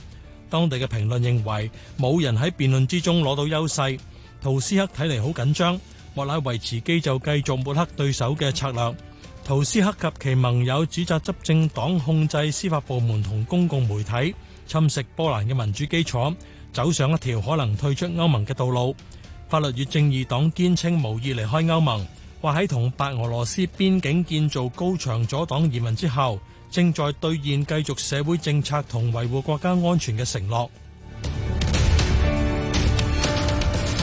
當地嘅評論認為冇人喺辯論之中攞到優勢。圖斯克睇嚟好緊張，莫拉維茨基就繼續抹黑對手嘅策略。圖斯克及其盟友指責執政黨控制司法部門同公共媒體，侵蝕波蘭嘅民主基礎，走上一條可能退出歐盟嘅道路。法律與正義黨堅稱無意離開歐盟，話喺同白俄羅斯邊境建造高牆阻擋移民之後，正在兌現繼續社會政策同維護國家安全嘅承諾。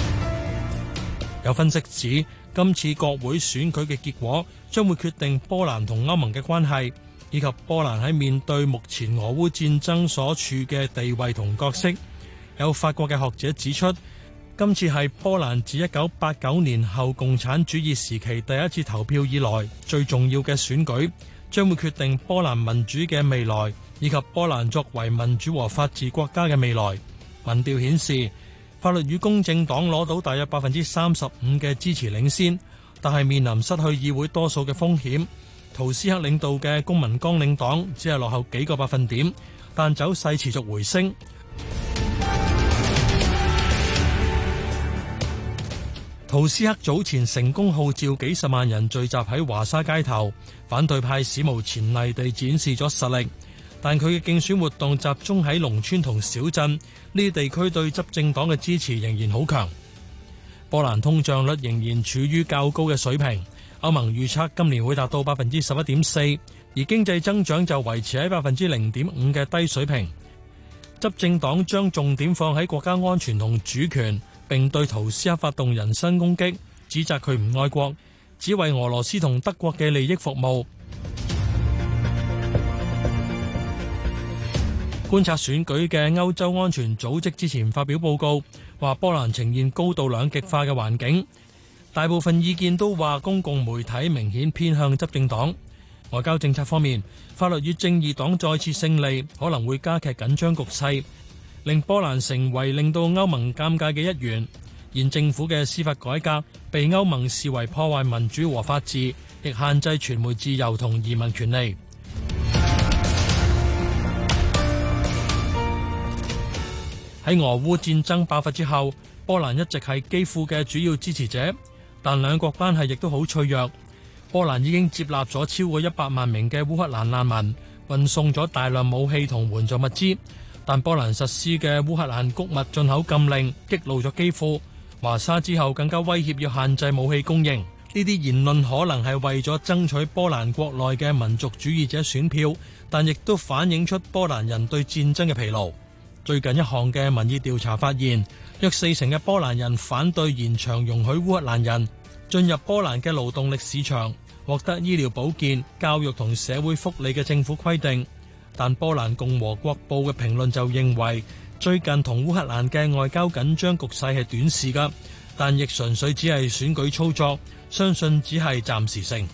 有分析指，今次國會選舉嘅結果將會決定波蘭同歐盟嘅關係，以及波蘭喺面對目前俄烏戰爭所處嘅地位同角色。有法國嘅學者指出。今次係波蘭自一九八九年後共產主義時期第一次投票以來最重要嘅選舉，將會決定波蘭民主嘅未來，以及波蘭作為民主和法治國家嘅未來。民調顯示，法律與公正黨攞到大約百分之三十五嘅支持領先，但係面臨失去議會多數嘅風險。圖斯克領導嘅公民綱領黨只係落後幾個百分點，但走勢持續回升。圖斯克早前成功號召幾十萬人聚集喺華沙街頭，反對派史無前例地展示咗實力。但佢嘅競選活動集中喺農村同小鎮呢啲地區，對執政黨嘅支持仍然好強。波蘭通脹率仍然處於較高嘅水平，歐盟預測今年會達到百分之十一點四，而經濟增長就維持喺百分之零點五嘅低水平。執政黨將重點放喺國家安全同主權。並對圖斯克發動人身攻擊，指責佢唔愛國，只為俄羅斯同德國嘅利益服務。觀察選舉嘅歐洲安全組織之前發表報告，話波蘭呈現高度兩極化嘅環境。大部分意見都話公共媒體明顯偏向執政黨。外交政策方面，法律與正義黨再次勝利可能會加劇緊張局勢。令波蘭成為令到歐盟尷尬嘅一員，現政府嘅司法改革被歐盟視為破壞民主和法治，亦限制傳媒自由同移民權利。喺 俄烏戰爭爆發之後，波蘭一直係基輔嘅主要支持者，但兩國關係亦都好脆弱。波蘭已經接納咗超過一百萬名嘅烏克蘭難民，運送咗大量武器同援助物資。但波蘭實施嘅烏克蘭谷物進口禁令激怒咗基輔，華沙之後更加威脅要限制武器供應。呢啲言論可能係為咗爭取波蘭國內嘅民族主義者選票，但亦都反映出波蘭人對戰爭嘅疲勞。最近一項嘅民意調查發現約四成嘅波蘭人反對延長容許烏克蘭人進入波蘭嘅勞動力市場，獲得醫療保健、教育同社會福利嘅政府規定。但波蘭共和國報嘅評論就認為最近同烏克蘭嘅外交緊張局勢係短視噶，但亦純粹只係選舉操作，相信只係暫時性。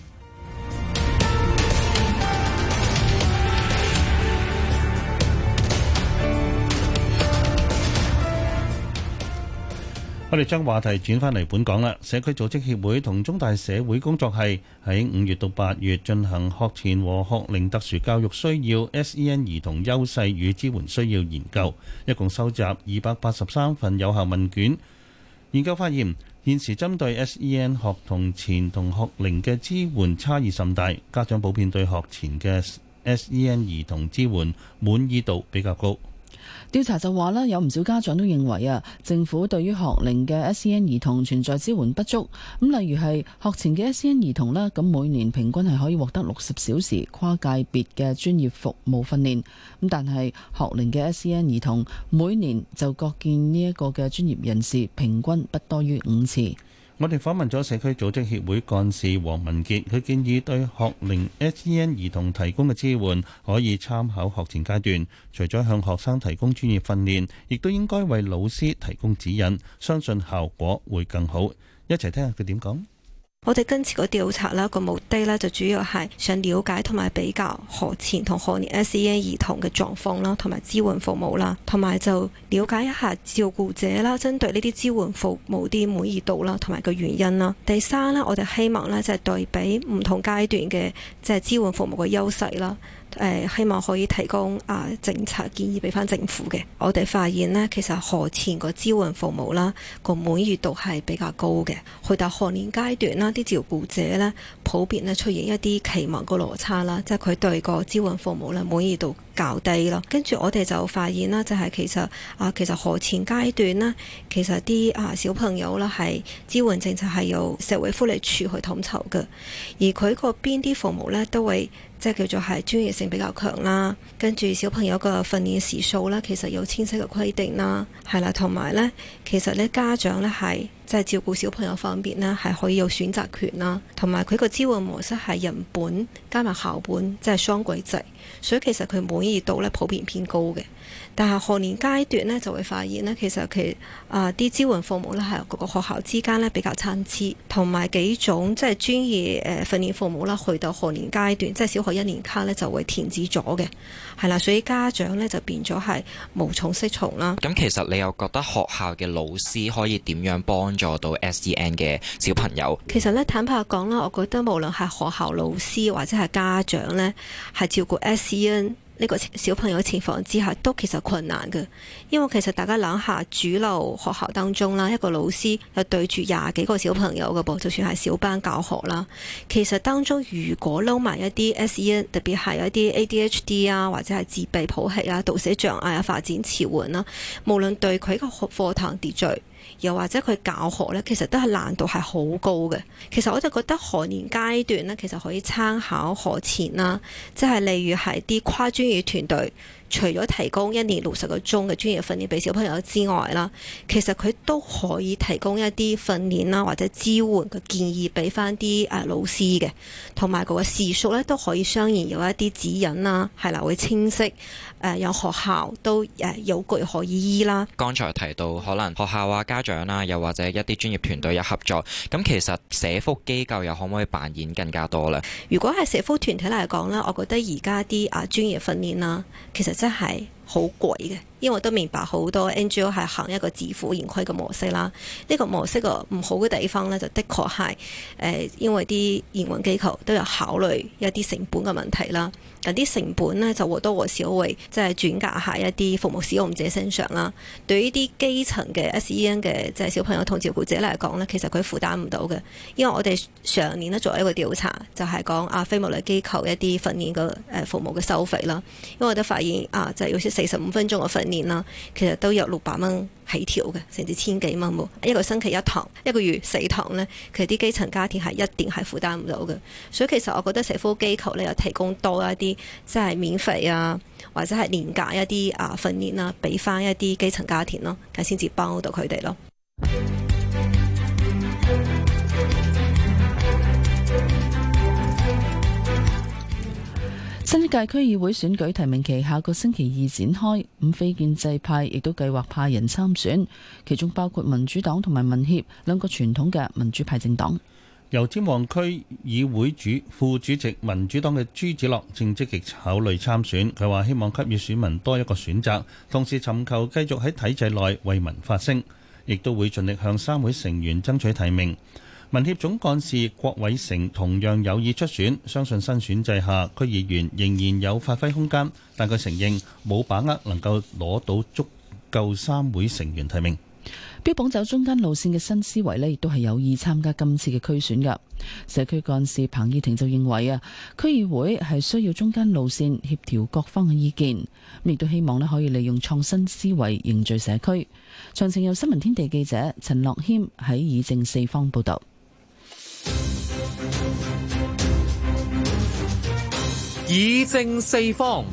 我哋將話題轉返嚟本港啦。社區組織協會同中大社會工作系喺五月到八月進行學前和學齡特殊教育需要 （SEN） 兒童優勢與支援需要研究，一共收集二百八十三份有效問卷。研究發現，現時針對 SEN 學童前同學齡嘅支援差異甚大，家長普遍對學前嘅 SEN 兒童支援滿意度比較高。調查就話咧，有唔少家長都認為啊，政府對於學齡嘅 SEN 兒童存在支援不足。咁例如係學前嘅 SEN 兒童咧，咁每年平均係可以獲得六十小時跨界別嘅專業服務訓練。咁但係學齡嘅 SEN 兒童每年就各見呢一個嘅專業人士平均不多於五次。我哋訪問咗社區組織協會幹事黃文傑，佢建議對學齡 S E N 兒童提供嘅支援可以參考學前階段，除咗向學生提供專業訓練，亦都應該為老師提供指引，相信效果會更好。一齊聽下佢點講。我哋今次個調查啦，個目的咧就主要係想了解同埋比較學前同學年 SEN 兒童嘅狀況啦，同埋支援服務啦，同埋就了解一下照顧者啦，針對呢啲支援服務啲滿意度啦，同埋個原因啦。第三啦，我哋希望咧就係對比唔同階段嘅即係支援服務嘅優勢啦。誒，希望可以提供啊政策建議俾翻政府嘅。我哋發現呢，其實河前個支援服務啦，個滿意度係比較高嘅。去到學年階段啦，啲照顧者呢普遍呢出現一啲期望個落差啦，即係佢對個支援服務咧滿意度較低咯。跟住我哋就發現啦，就係、是、其實啊，其實何前階段咧，其實啲啊小朋友啦係支援政策係由社會福利署去統籌嘅，而佢個邊啲服務呢，都會。即係叫做係專業性比較強啦，跟住小朋友個訓練時數啦，其實有清晰嘅規定啦，係啦，同埋咧，其實咧家長咧係即係照顧小朋友方面啦，係可以有選擇權啦，同埋佢個支援模式係人本加埋校本，即係雙軌制，所以其實佢滿意度咧普遍偏高嘅。但係學年階段咧，就會發現咧，其實佢啊啲支援服務咧，係各個學校之間咧比較參差，同埋幾種即係專業誒、呃、訓練服務啦，去到學年階段，即係小學一年級咧，就會停止咗嘅，係啦，所以家長咧就變咗係無從適從啦。咁其實你又覺得學校嘅老師可以點樣幫助到 SEN 嘅小朋友？其實咧，坦白講啦，我覺得無論係學校老師或者係家長咧，係照顧 SEN。呢個小朋友情況之下都其實困難嘅，因為其實大家諗下主流學校當中啦，一個老師有對住廿幾個小朋友嘅噃，就算係小班教學啦，其實當中如果撈埋一啲 SEN，特別係一啲 ADHD 啊，或者係自閉譜系啊、讀寫障礙啊、發展遲緩啦，無論對佢嘅課課堂秩序。又或者佢教學呢，其實都係難度係好高嘅。其實我就覺得學年階段呢，其實可以參考學前啦、啊，即係例如係啲跨專業團隊。除咗提供一年六十個鐘嘅專業訓練俾小朋友之外啦，其實，佢都可以提供一啲訓練啦，或者支援嘅建議俾翻啲誒老師嘅，同埋個視屬咧都可以相應有一啲指引啦，係啦會清晰誒、呃、有學校都誒有據可以依啦。剛才提到可能學校啊、家長啦、啊，又或者一啲專業團隊有合作，咁其實社福機構又可唔可以扮演更加多咧？如果係社福團體嚟講咧，我覺得而家啲啊專業訓練啦，其實。真係好貴嘅。因為我都明白好多 NGO 係行一個自負盈虧嘅模式啦，呢、呢個模式個唔好嘅地方呢，就的確係誒，因為啲營運機構都有考慮一啲成本嘅問題啦，但啲成本呢，就或多或少會即係轉嫁喺一啲服務使用者身上啦。對於啲基層嘅 SEN 嘅即係小朋友同照顧者嚟講呢，其實佢負擔唔到嘅，因為我哋上年都做一個調查，就係講啊非牟利機構一啲訓練嘅服務嘅收費啦。因為我都發現啊，就係要四十五分鐘嘅訓年啦，其實都有六百蚊起跳嘅，甚至千幾蚊喎，一個星期一堂，一個月四堂呢，其實啲基層家庭係一定係負擔唔到嘅。所以其實我覺得社福機構呢，有提供多一啲即係免費啊，或者係廉價一啲啊訓練啦、啊，俾翻一啲基層家庭咯，咁先至幫到佢哋咯。新一屆區議會選舉提名期下個星期二展開，五非建制派亦都計劃派人參選，其中包括民主黨同埋民協兩個傳統嘅民主派政黨。油尖旺區議會主副主席民主黨嘅朱子洛正積極考慮參選，佢話希望給予選民多一個選擇，同時尋求繼續喺體制內為民發聲，亦都會盡力向三會成員爭取提名。民協總幹事郭偉成同樣有意出選，相信新選制下區議員仍然有發揮空間，但佢承認冇把握能夠攞到足夠三會成員提名。標榜走中間路線嘅新思維呢，亦都係有意參加今次嘅區選嘅社區幹事彭以婷就認為啊，區議會係需要中間路線協調各方嘅意見，亦都希望咧可以利用創新思維凝聚社區。詳情由新聞天地記者陳樂謙喺以政四方報道。以正四方。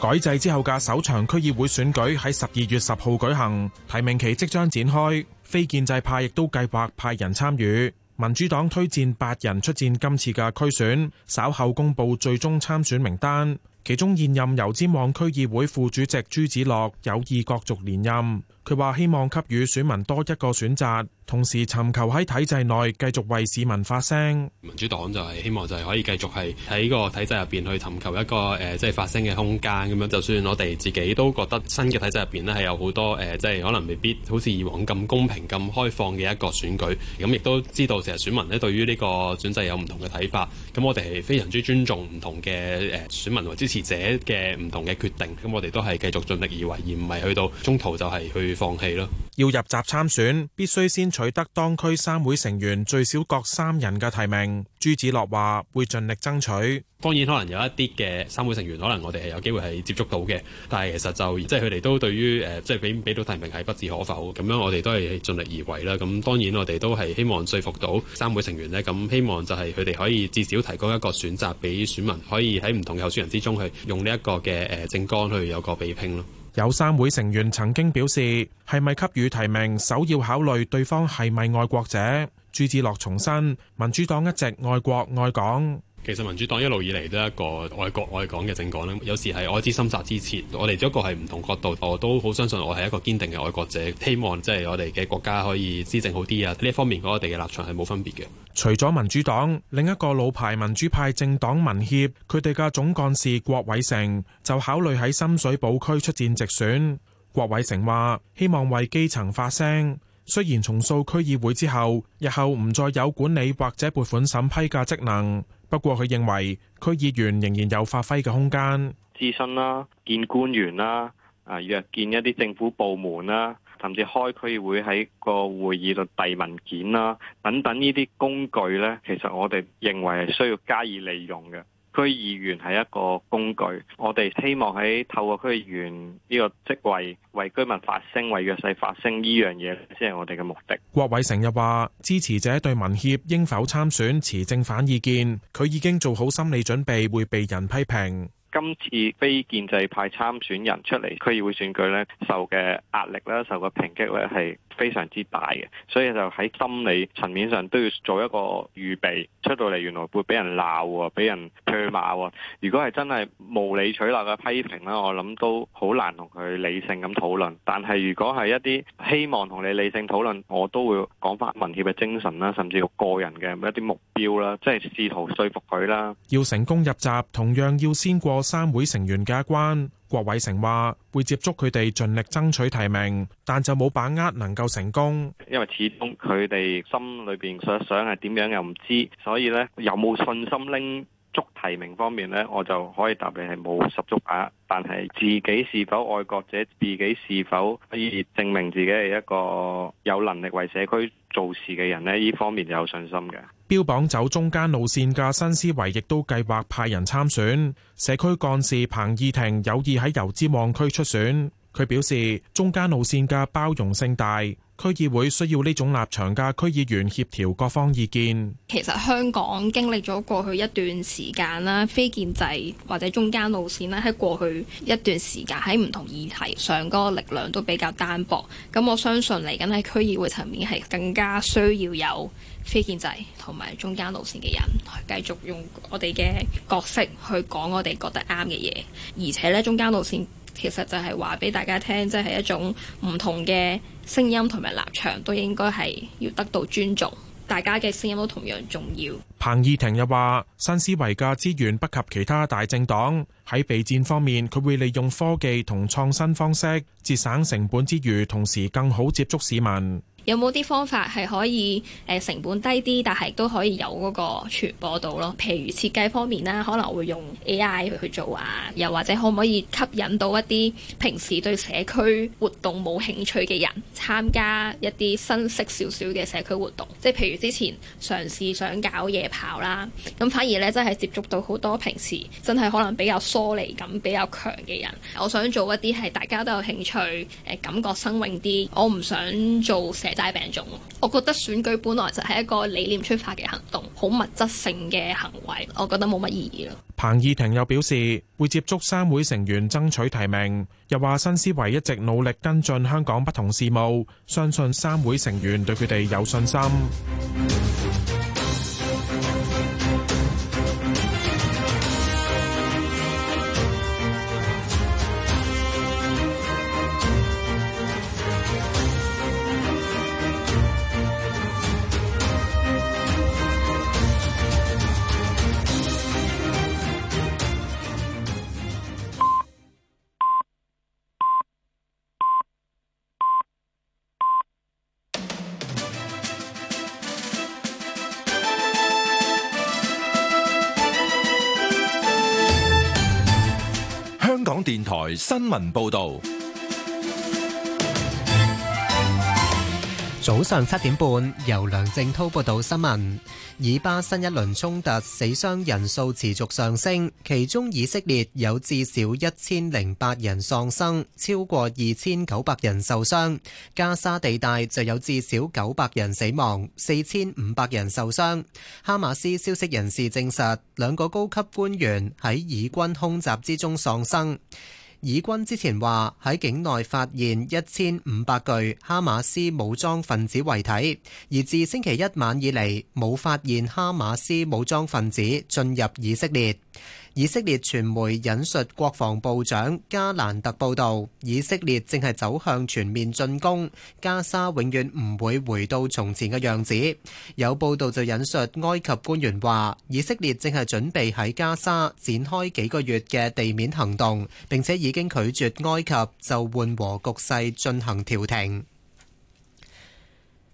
改制之後嘅首場區議會選舉喺十二月十號舉行，提名期即將展開。非建制派亦都計劃派人參與。民主黨推薦八人出戰今次嘅區選，稍後公布最終參選名單。其中現任油尖旺區議會副主席朱子樂有意角逐連任。佢話希望給予選民多一個選擇，同時尋求喺體制內繼續為市民發聲。民主黨就係希望就係可以繼續係喺個體制入邊去尋求一個誒，即係發聲嘅空間咁樣。就算我哋自己都覺得新嘅體制入邊咧係有好多誒，即係可能未必好似以往咁公平、咁開放嘅一個選舉。咁亦都知道，其實選民咧對於呢個選制有唔同嘅睇法。咁我哋係非常之尊重唔同嘅誒選民同支持者嘅唔同嘅決定。咁我哋都係繼續盡力而為，而唔係去到中途就係去放棄咯。要入閘參選，必須先取得當區三會成員最少各三人嘅提名。朱子樂話：會盡力爭取。當然可能有一啲嘅三會成員，可能我哋係有機會係接觸到嘅。但係其實就即係佢哋都對於誒、呃，即係俾俾到提名係不置可否。咁樣我哋都係盡力而為啦。咁當然我哋都係希望說服到三會成員呢，咁希望就係佢哋可以至少提供一個選擇，俾選民可以喺唔同候選人之中去用呢一個嘅誒政綱去有個比拼咯。有三會成員曾經表示，係咪給予提名，首要考慮對方係咪愛國者？朱志樂重申，民主黨一直愛國愛港。其實，民主黨一路以嚟都係一個愛國愛港嘅政黨咧。有時係愛之深，責之切。我哋只一個係唔同角度，我都好相信我係一個堅定嘅愛國者。希望即係我哋嘅國家可以施政好啲啊！呢一方面，我哋嘅立場係冇分別嘅。除咗民主黨，另一個老牌民主派政黨民協，佢哋嘅總幹事郭偉成就考慮喺深水埗區出戰直選。郭偉成話：希望為基層發聲。雖然重塑區議會之後，日後唔再有管理或者撥款審批嘅職能。不過，佢認為區議員仍然有發揮嘅空間，諮詢啦、見官員啦、啊約見一啲政府部門啦，甚至開區議會喺個會議度遞文件啦，等等呢啲工具咧，其實我哋認為係需要加以利用嘅。區議員係一個工具，我哋希望喺透過區議員呢個職位為居民發聲、為弱勢發聲，呢樣嘢先係我哋嘅目的。郭偉成日話：支持者對民協應否參選持正反意見，佢已經做好心理準備會被人批評。今次非建制派參選人出嚟區議會選舉咧，受嘅壓力咧，受嘅抨擊咧係，非常之大嘅，所以就喺心理層面上都要做一個預備。出到嚟原來會俾人鬧喎，俾人唾罵喎。如果係真係無理取鬧嘅批評啦，我諗都好難同佢理性咁討論，但係如果係一啲希望同你理性討論，我都會講翻民協嘅精神啦，甚至乎個人嘅一啲目標啦，即係試圖說服佢啦。要成功入閘，同樣要先過三會成員嘅一關。郭偉成話會接觸佢哋，盡力爭取提名，但就冇把握能夠成功，因為始終佢哋心裏邊想想係點樣又唔知，所以呢，有冇信心拎足提名方面呢，我就可以答你係冇十足額，但係自己是否愛國者，自己是否可以證明自己係一個有能力為社區做事嘅人呢，呢方面就有信心嘅。標榜走中間路線嘅新思維，亦都計劃派人參選社區幹事。彭義庭有意喺油尖旺區出選，佢表示中間路線嘅包容性大。區議會需要呢種立場嘅區議員協調各方意見。其實香港經歷咗過去一段時間啦，非建制或者中間路線啦，喺過去一段時間喺唔同議題上嗰個力量都比較單薄。咁我相信嚟緊喺區議會層面係更加需要有非建制同埋中間路線嘅人，繼續用我哋嘅角色去講我哋覺得啱嘅嘢，而且呢，中間路線。其實就係話俾大家聽，即係一種唔同嘅聲音同埋立場都應該係要得到尊重，大家嘅聲音都同樣重要。彭義庭又話：新思維嘅資源不及其他大政黨，喺備戰方面，佢會利用科技同創新方式節省成本之餘，同時更好接觸市民。有冇啲方法係可以誒成本低啲，但係都可以有嗰個傳播度咯？譬如設計方面啦，可能會用 AI 去去做啊，又或者可唔可以吸引到一啲平時對社區活動冇興趣嘅人參加一啲新式少少嘅社區活動，即係譬如之前嘗試想搞夜跑啦，咁反而咧真係接觸到好多平時真係可能比較疏離感比較強嘅人。我想做一啲係大家都有興趣誒感覺新穎啲。我唔想做社大病種，我覺得選舉本來就係一個理念出發嘅行動，好物質性嘅行為，我覺得冇乜意義。彭義庭又表示會接觸三會成員爭取提名，又話新思維一直努力跟進香港不同事務，相信三會成員對佢哋有信心。新聞報道，早上七點半，由梁正濤報道新聞。以巴新一輪衝突死傷人數持續上升，其中以色列有至少一千零八人喪生，超過二千九百人受傷；加沙地帶就有至少九百人死亡，四千五百人受傷。哈馬斯消息人士證實，兩個高級官員喺以軍空襲之中喪生。以軍之前話喺境內發現一千五百具哈馬斯武裝分子遺體，而自星期一晚以嚟冇發現哈馬斯武裝分子進入以色列。以色列傳媒引述國防部長加蘭特報道，以色列正係走向全面進攻，加沙永遠唔會回到從前嘅樣子。有報道就引述埃及官員話，以色列正係準備喺加沙展開幾個月嘅地面行動，並且已經拒絕埃及就緩和局勢進行調停。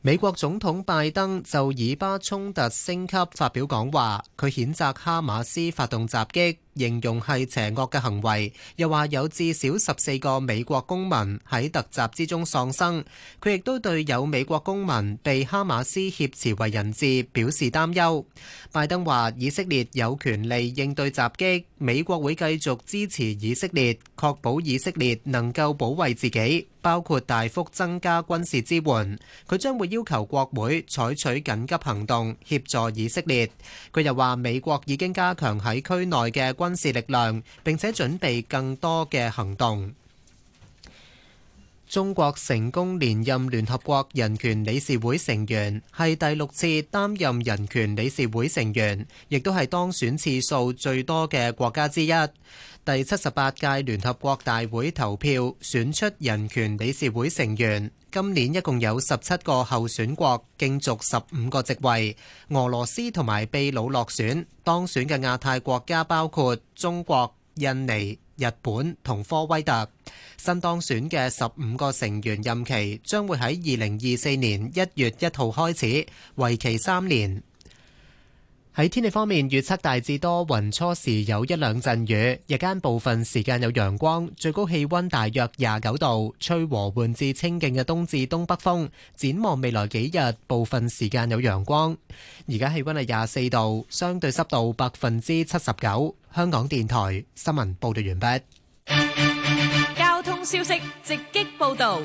美國總統拜登就以巴衝突升級發表講話，佢譴責哈馬斯發動襲擊。形容係邪惡嘅行為，又話有至少十四個美國公民喺突襲之中喪生。佢亦都對有美國公民被哈馬斯挾持為人質表示擔憂。拜登話以色列有權利應對襲擊，美國會繼續支持以色列，確保以色列能夠保衞自己，包括大幅增加軍事支援。佢將會要求國會採取緊急行動協助以色列。佢又話美國已經加強喺區內嘅軍軍事力量，並且準備更多嘅行動。中國成功連任聯合國人權理事會成員，係第六次擔任人權理事會成員，亦都係當選次數最多嘅國家之一。第七十八屆聯合國大會投票，選出人權理事會成員。今年一共有十七個候選國競逐十五個席位，俄羅斯同埋秘魯落選。當選嘅亞太國家包括中國、印尼、日本同科威特。新當選嘅十五個成員任期將會喺二零二四年一月一號開始，為期三年。喺天氣方面，預測大致多雲，雲初時有一兩陣雨，日間部分時間有陽光，最高氣溫大約廿九度，吹和緩至清勁嘅東至東北風。展望未來幾日，部分時間有陽光。而家氣溫係廿四度，相對濕度百分之七十九。香港電台新聞報道完畢。交通消息直擊報道。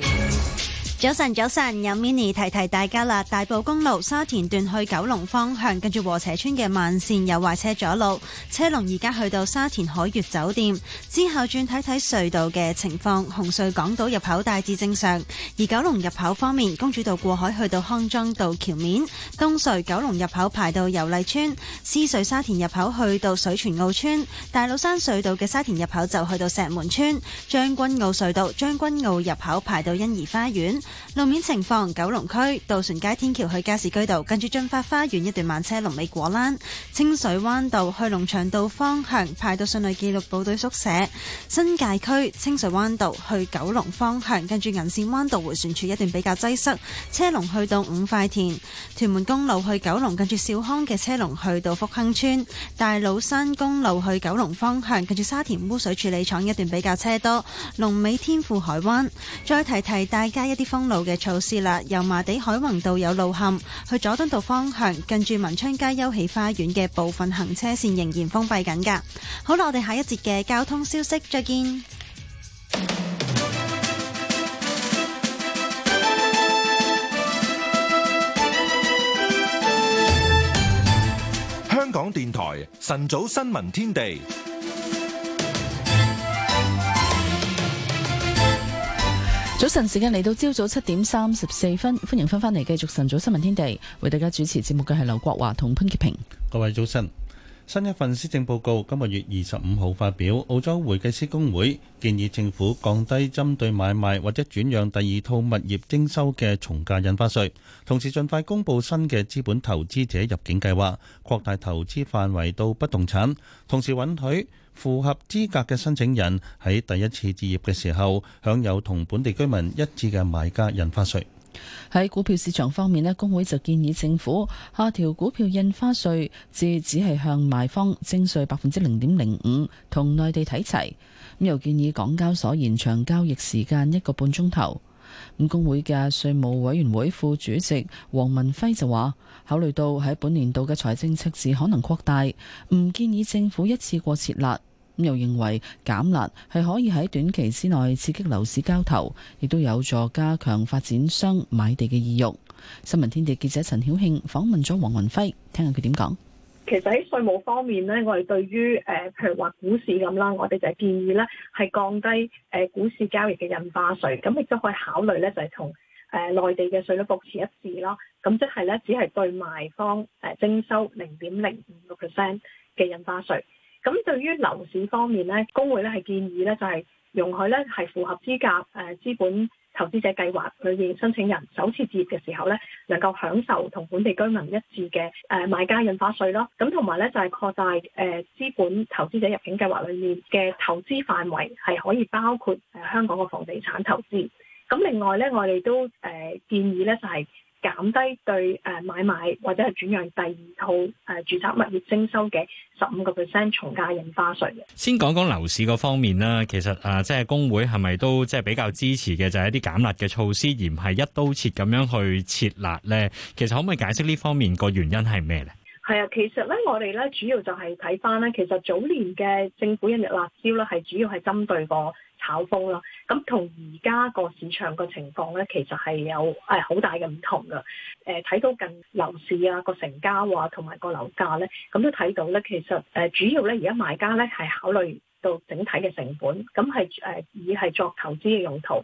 早晨，早晨，有 mini 提提大家啦。大埔公路沙田段去九龍方向，跟住和斜村嘅慢線又壞車阻路，車龍而家去到沙田海悅酒店。之後轉睇睇隧道嘅情況，紅隧港島入口大致正常，而九龍入口方面，公主道過海去到康莊道橋面，東隧九龍入口排到油麗村，獅隧沙田入口去到水泉澳村，大老山隧道嘅沙田入口就去到石門村，將軍澳隧道將軍澳入口排到欣怡花園。路面情況：九龍區渡船街天橋去加士居道，跟住駿發花園一段慢車龍尾果欄；清水灣道去龍翔道方向，排到順利紀律部隊宿舍；新界區清水灣道去九龍方向，跟住銀線灣道迴旋處一段比較擠塞，車龍去到五塊田；屯門公路去九龍，跟住兆康嘅車龍去到福亨村；大老山公路去九龍方向，近住沙田污水處理廠一段比較車多，龍尾天富海灣。再提提大家一啲方向。公路嘅措施啦，油麻地海泓道有路陷，去佐敦道方向近住文昌街休憩花園嘅部分行車線仍然封閉緊㗎。好啦，我哋下一節嘅交通消息再見。香港電台晨早新聞天地。早晨，時間嚟到朝早七點三十四分，歡迎翻返嚟，繼續晨早新聞天地，為大家主持節目嘅係劉國華同潘潔平。各位早晨，新一份施政報告今個月二十五號發表，澳洲會計師公會建議政府降低針對買賣或者轉讓第二套物業徵收嘅重價印花稅，同時盡快公布新嘅資本投資者入境計劃，擴大投資範圍到不動產，同時允許。符合資格嘅申請人喺第一次置業嘅時候，享有同本地居民一致嘅買家印花稅。喺股票市場方面咧，工會就建議政府下調股票印花稅至只係向賣方徵稅百分之零點零五，同內地睇齊，咁又建議港交所延長交易時間一個半鐘頭。五公會嘅稅務委員會副主席黃文輝就話，考慮到喺本年度嘅財政赤字可能擴大，唔建議政府一次過撤辣。咁又認為減辣係可以喺短期之內刺激樓市交投，亦都有助加強發展商買地嘅意欲。新聞天地記者陳曉慶訪問咗黃文輝，聽下佢點講。其實喺稅務方面咧，我哋對於誒譬如話股市咁啦，我哋就係建議咧，係降低誒股市交易嘅印花稅，咁亦都可以考慮咧，就係同誒內地嘅稅率保持一致咯。咁即係咧，只係對賣方誒徵收零點零五個 percent 嘅印花稅。咁對於樓市方面咧，公會咧係建議咧就係容許咧係符合資格誒資本。投資者計劃裏面申請人首次置業嘅時候咧，能夠享受同本地居民一致嘅誒、呃、買家印花稅咯。咁同埋咧就係、是、擴大誒、呃、資本投資者入境計劃裏面嘅投資範圍，係可以包括誒、呃、香港嘅房地產投資。咁另外咧，我哋都誒、呃、建議咧就係、是。減低對誒、買賣或者係轉讓第二套誒住宅物業徵收嘅十五個 percent 從價印花稅。先講講樓市個方面啦，其實誒即係工會係咪都即係比較支持嘅，就係一啲減辣嘅措施，而唔係一刀切咁樣去設辣咧。其實可唔可以解釋呢方面個原因係咩咧？係啊，其實咧我哋咧主要就係睇翻咧，其實早年嘅政府引入辣招咧，係主要係針對個。炒風啦，咁同而家個市場個情況咧，其實係有誒好大嘅唔同噶。誒睇到近樓市啊個成交啊同埋個樓價咧，咁都睇到咧，其實誒主要咧而家買家咧係考慮到整體嘅成本，咁係誒以係作投資嘅用途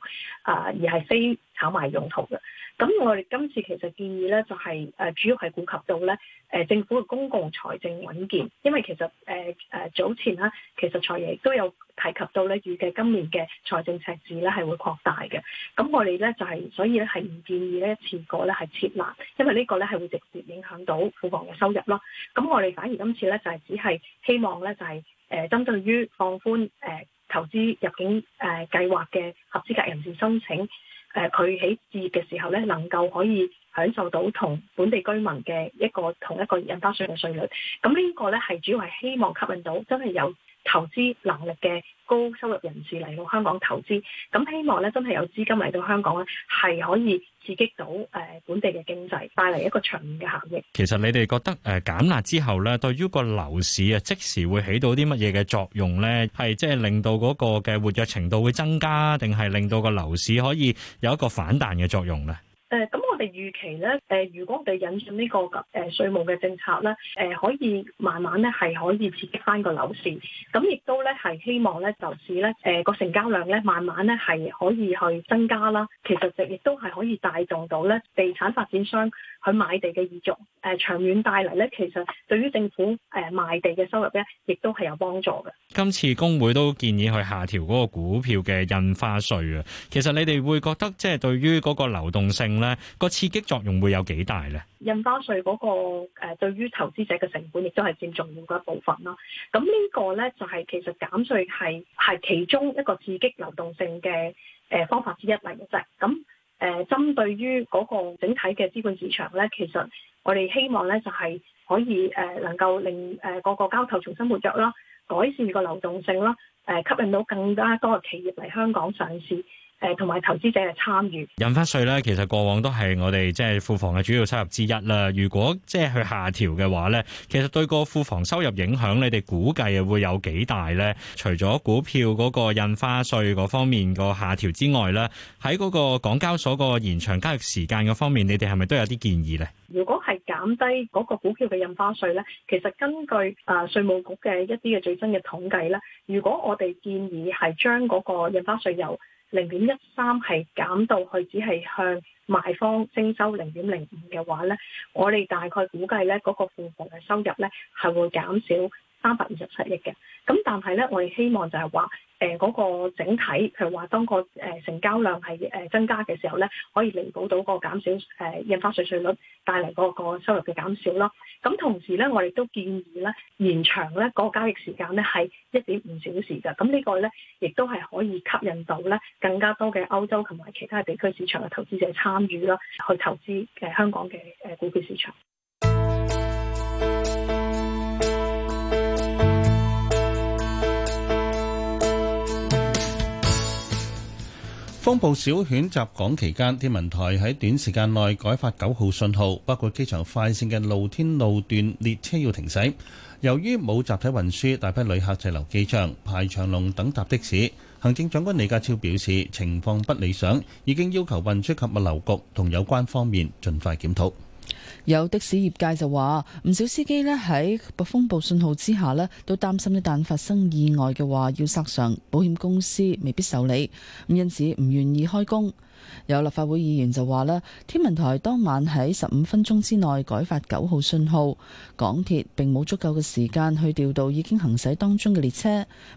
啊，而係非炒賣用途嘅，咁我哋今次其實建議咧，就係誒主要係顧及到咧誒、呃、政府嘅公共財政穩健，因為其實誒誒、呃呃、早前咧、啊，其實財爺都有提及到咧預計今年嘅財政赤字咧係會擴大嘅，咁我哋咧就係、是、所以咧係唔建議咧一次過咧係撤辣，因為個呢個咧係會直接影響到庫房嘅收入咯。咁我哋反而今次咧就係只係希望咧就係誒針對於放寬誒、呃、投資入境誒計劃嘅合資格人士申請。誒佢喺置業嘅時候咧，能夠可以享受到同本地居民嘅一個同一個印花稅嘅稅率，咁呢個咧係主要係希望吸引到真係有。投資能力嘅高收入人士嚟到香港投資，咁希望咧真係有資金嚟到香港咧，係可以刺激到誒本地嘅經濟，帶嚟一個長遠嘅效益。其實你哋覺得誒減辣之後咧，對於個樓市啊，即時會起到啲乜嘢嘅作用咧？係即係令到嗰個嘅活躍程度會增加，定係令到個樓市可以有一個反彈嘅作用咧？誒咁、呃。嗯我哋預期咧，誒，如果我哋引進呢個誒稅務嘅政策咧，誒、呃，可以慢慢咧係可以刺激翻個樓市，咁亦都咧係希望咧，就市咧誒個成交量咧慢慢咧係可以去增加啦。其實亦都係可以帶動到咧地產發展商去買地嘅意欲，誒、呃，長遠帶嚟咧，其實對於政府誒賣、呃、地嘅收入咧，亦都係有幫助嘅。今次工會都建議去下調嗰個股票嘅印花稅啊，其實你哋會覺得即係對於嗰個流動性咧？個刺激作用會有幾大咧？印花稅嗰、那個誒、呃，對於投資者嘅成本亦都係佔重要嘅一部分啦。咁呢個咧就係、是、其實減稅係係其中一個刺激流動性嘅誒、呃、方法之一嚟嘅啫。咁誒，針、呃、對於嗰個整體嘅資本市場咧，其實我哋希望咧就係可以誒、呃、能夠令誒個、呃、個交投重新活著活躍啦，改善個流動性啦，誒、呃、吸引到更加多嘅企業嚟香港上市。誒，同埋投資者嘅參與。印花稅咧，其實過往都係我哋即係庫房嘅主要收入之一啦。如果即係去下調嘅話咧，其實對個庫房收入影響，你哋估計會有幾大咧？除咗股票嗰個印花稅嗰方面個下調之外咧，喺嗰個港交所個延長交易時間嗰方面，你哋係咪都有啲建議咧？如果係減低嗰個股票嘅印花稅咧，其實根據啊、呃、稅務局嘅一啲嘅最新嘅統計咧，如果我哋建議係將嗰個印花稅由零點一三係減到去只係向賣方徵收零點零五嘅話咧，我哋大概估計咧，嗰個庫房嘅收入咧係會減少三百二十七億嘅，咁但係咧，我哋希望就係話，誒、呃、嗰、那個整體，譬如話當個誒、呃、成交量係誒增加嘅時候咧，可以彌補到個減少誒、呃、印花稅稅率帶嚟嗰個收入嘅減少咯。咁、嗯、同時咧，我哋都建議咧延長咧個交易時間咧係一點五小時嘅。咁、嗯這個、呢個咧亦都係可以吸引到咧更加多嘅歐洲同埋其他地區市場嘅投資者參與啦，去投資誒香港嘅誒股票市場。風暴小犬襲港期間，天文台喺短時間內改發九號信號，包括機場快線嘅露天路段列車要停駛。由於冇集體運輸，大批旅客滯留機場排長龍等搭的士。行政長官李家超表示，情況不理想，已經要求運輸及物流局同有關方面盡快檢討。有的士業界就話，唔少司機咧喺風暴信號之下咧，都擔心一旦發生意外嘅話，要索償保險公司未必受理，咁因此唔願意開工。有立法會議員就話咧，天文台當晚喺十五分鐘之內改發九號信號，港鐵並冇足夠嘅時間去調度已經行駛當中嘅列車，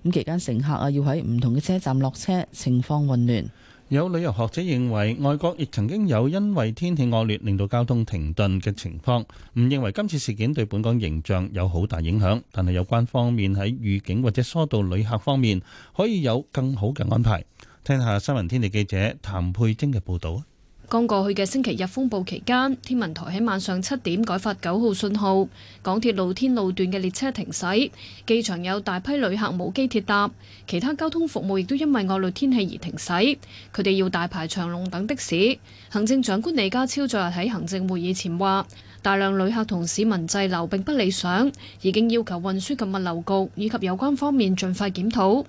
咁期間乘客啊要喺唔同嘅車站落車，情況混亂。有旅遊學者認為，外國亦曾經有因為天氣惡劣令到交通停頓嘅情況，唔認為今次事件對本港形象有好大影響，但係有關方面喺預警或者疏導旅客方面可以有更好嘅安排。聽下新聞天地記者譚佩晶嘅報導。剛過去嘅星期日風暴期間，天文台喺晚上七點改發九號信號，港鐵露天路段嘅列車停駛，機場有大批旅客冇機鐵搭，其他交通服務亦都因為惡劣天氣而停駛，佢哋要大排長龍等的士。行政長官李家超昨日喺行政會議前話，大量旅客同市民滯留並不理想，已經要求運輸及物流局以及有關方面盡快檢討。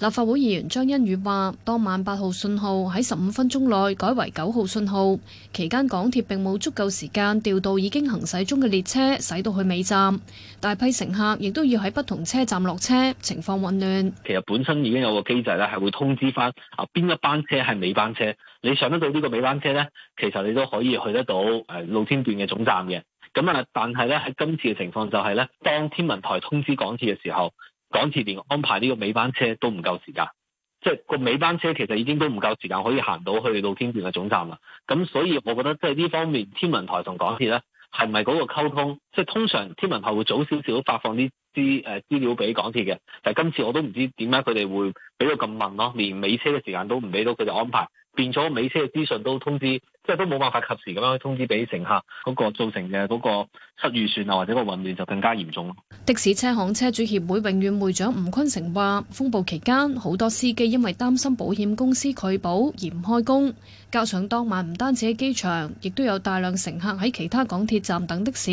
立法會議員張欣宇話：當晚八號信號喺十五分鐘內改為九號信號，期間港鐵並冇足夠時間調到已經行駛中嘅列車，駛到去尾站，大批乘客亦都要喺不同車站落車，情況混亂。其實本身已經有個機制咧，係會通知翻啊邊一班車係尾班車，你上得到呢個尾班車呢，其實你都可以去得到誒露天段嘅總站嘅。咁啊，但係咧喺今次嘅情況就係咧，當天文台通知港鐵嘅時候。港鐵連安排呢個尾班車都唔夠時間，即係個尾班車其實已經都唔夠時間可以行到去到天壇嘅總站啦。咁所以我覺得即係呢方面，天文台同港鐵咧，係唔係嗰個溝通？即係通常天文台會早少少發放啲啲誒資料俾港鐵嘅，但係今次我都唔知點解佢哋會俾到咁慢咯，連尾車嘅時間都唔俾到佢哋安排，變咗尾車嘅資訊都通知。即係都冇辦法及時咁樣通知俾乘客，嗰個造成嘅嗰個失預算啊，或者個混亂就更加嚴重咯。的士車行車主協會永遠會長吳坤成話，風暴期間好多司機因為擔心保險公司拒保而唔開工。加上當晚唔單止喺機場，亦都有大量乘客喺其他港鐵站等的士，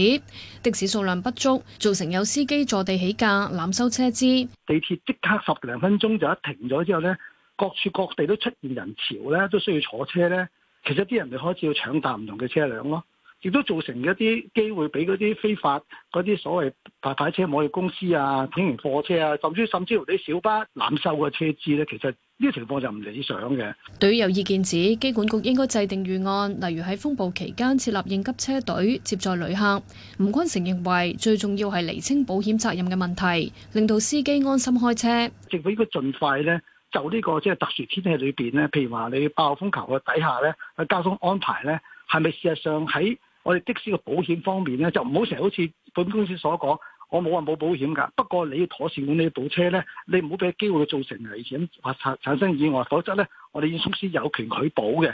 的士數量不足，造成有司機坐地起價、攬收車資。地鐵即刻十零分鐘就一停咗之後呢，各處各地都出現人潮咧，都需要坐車咧。其實啲人哋開始要搶搭唔同嘅車輛咯，亦都造成一啲機會俾嗰啲非法嗰啲所謂牌牌車、網約車啊、小型貨車啊，甚至甚至乎啲小巴濫收嘅車資咧。其實呢個情況就唔理想嘅。對於有意見指，機管局應該制定預案，例如喺風暴期間設立應急車隊接載旅客。吳坤成認為最重要係厘清保險責任嘅問題，令到司機安心開車。政府應該盡快咧。就呢個即係特殊天氣裏邊咧，譬如話你爆風球嘅底下咧，個交通安排咧，係咪事實上喺我哋的士嘅保險方面咧，就唔好成日好似本公司所講，我冇話冇保險㗎。不過你要妥善管理部車咧，你唔好俾機會佢造成危險或產產生意外，否則咧，我哋要主司有權拒保嘅。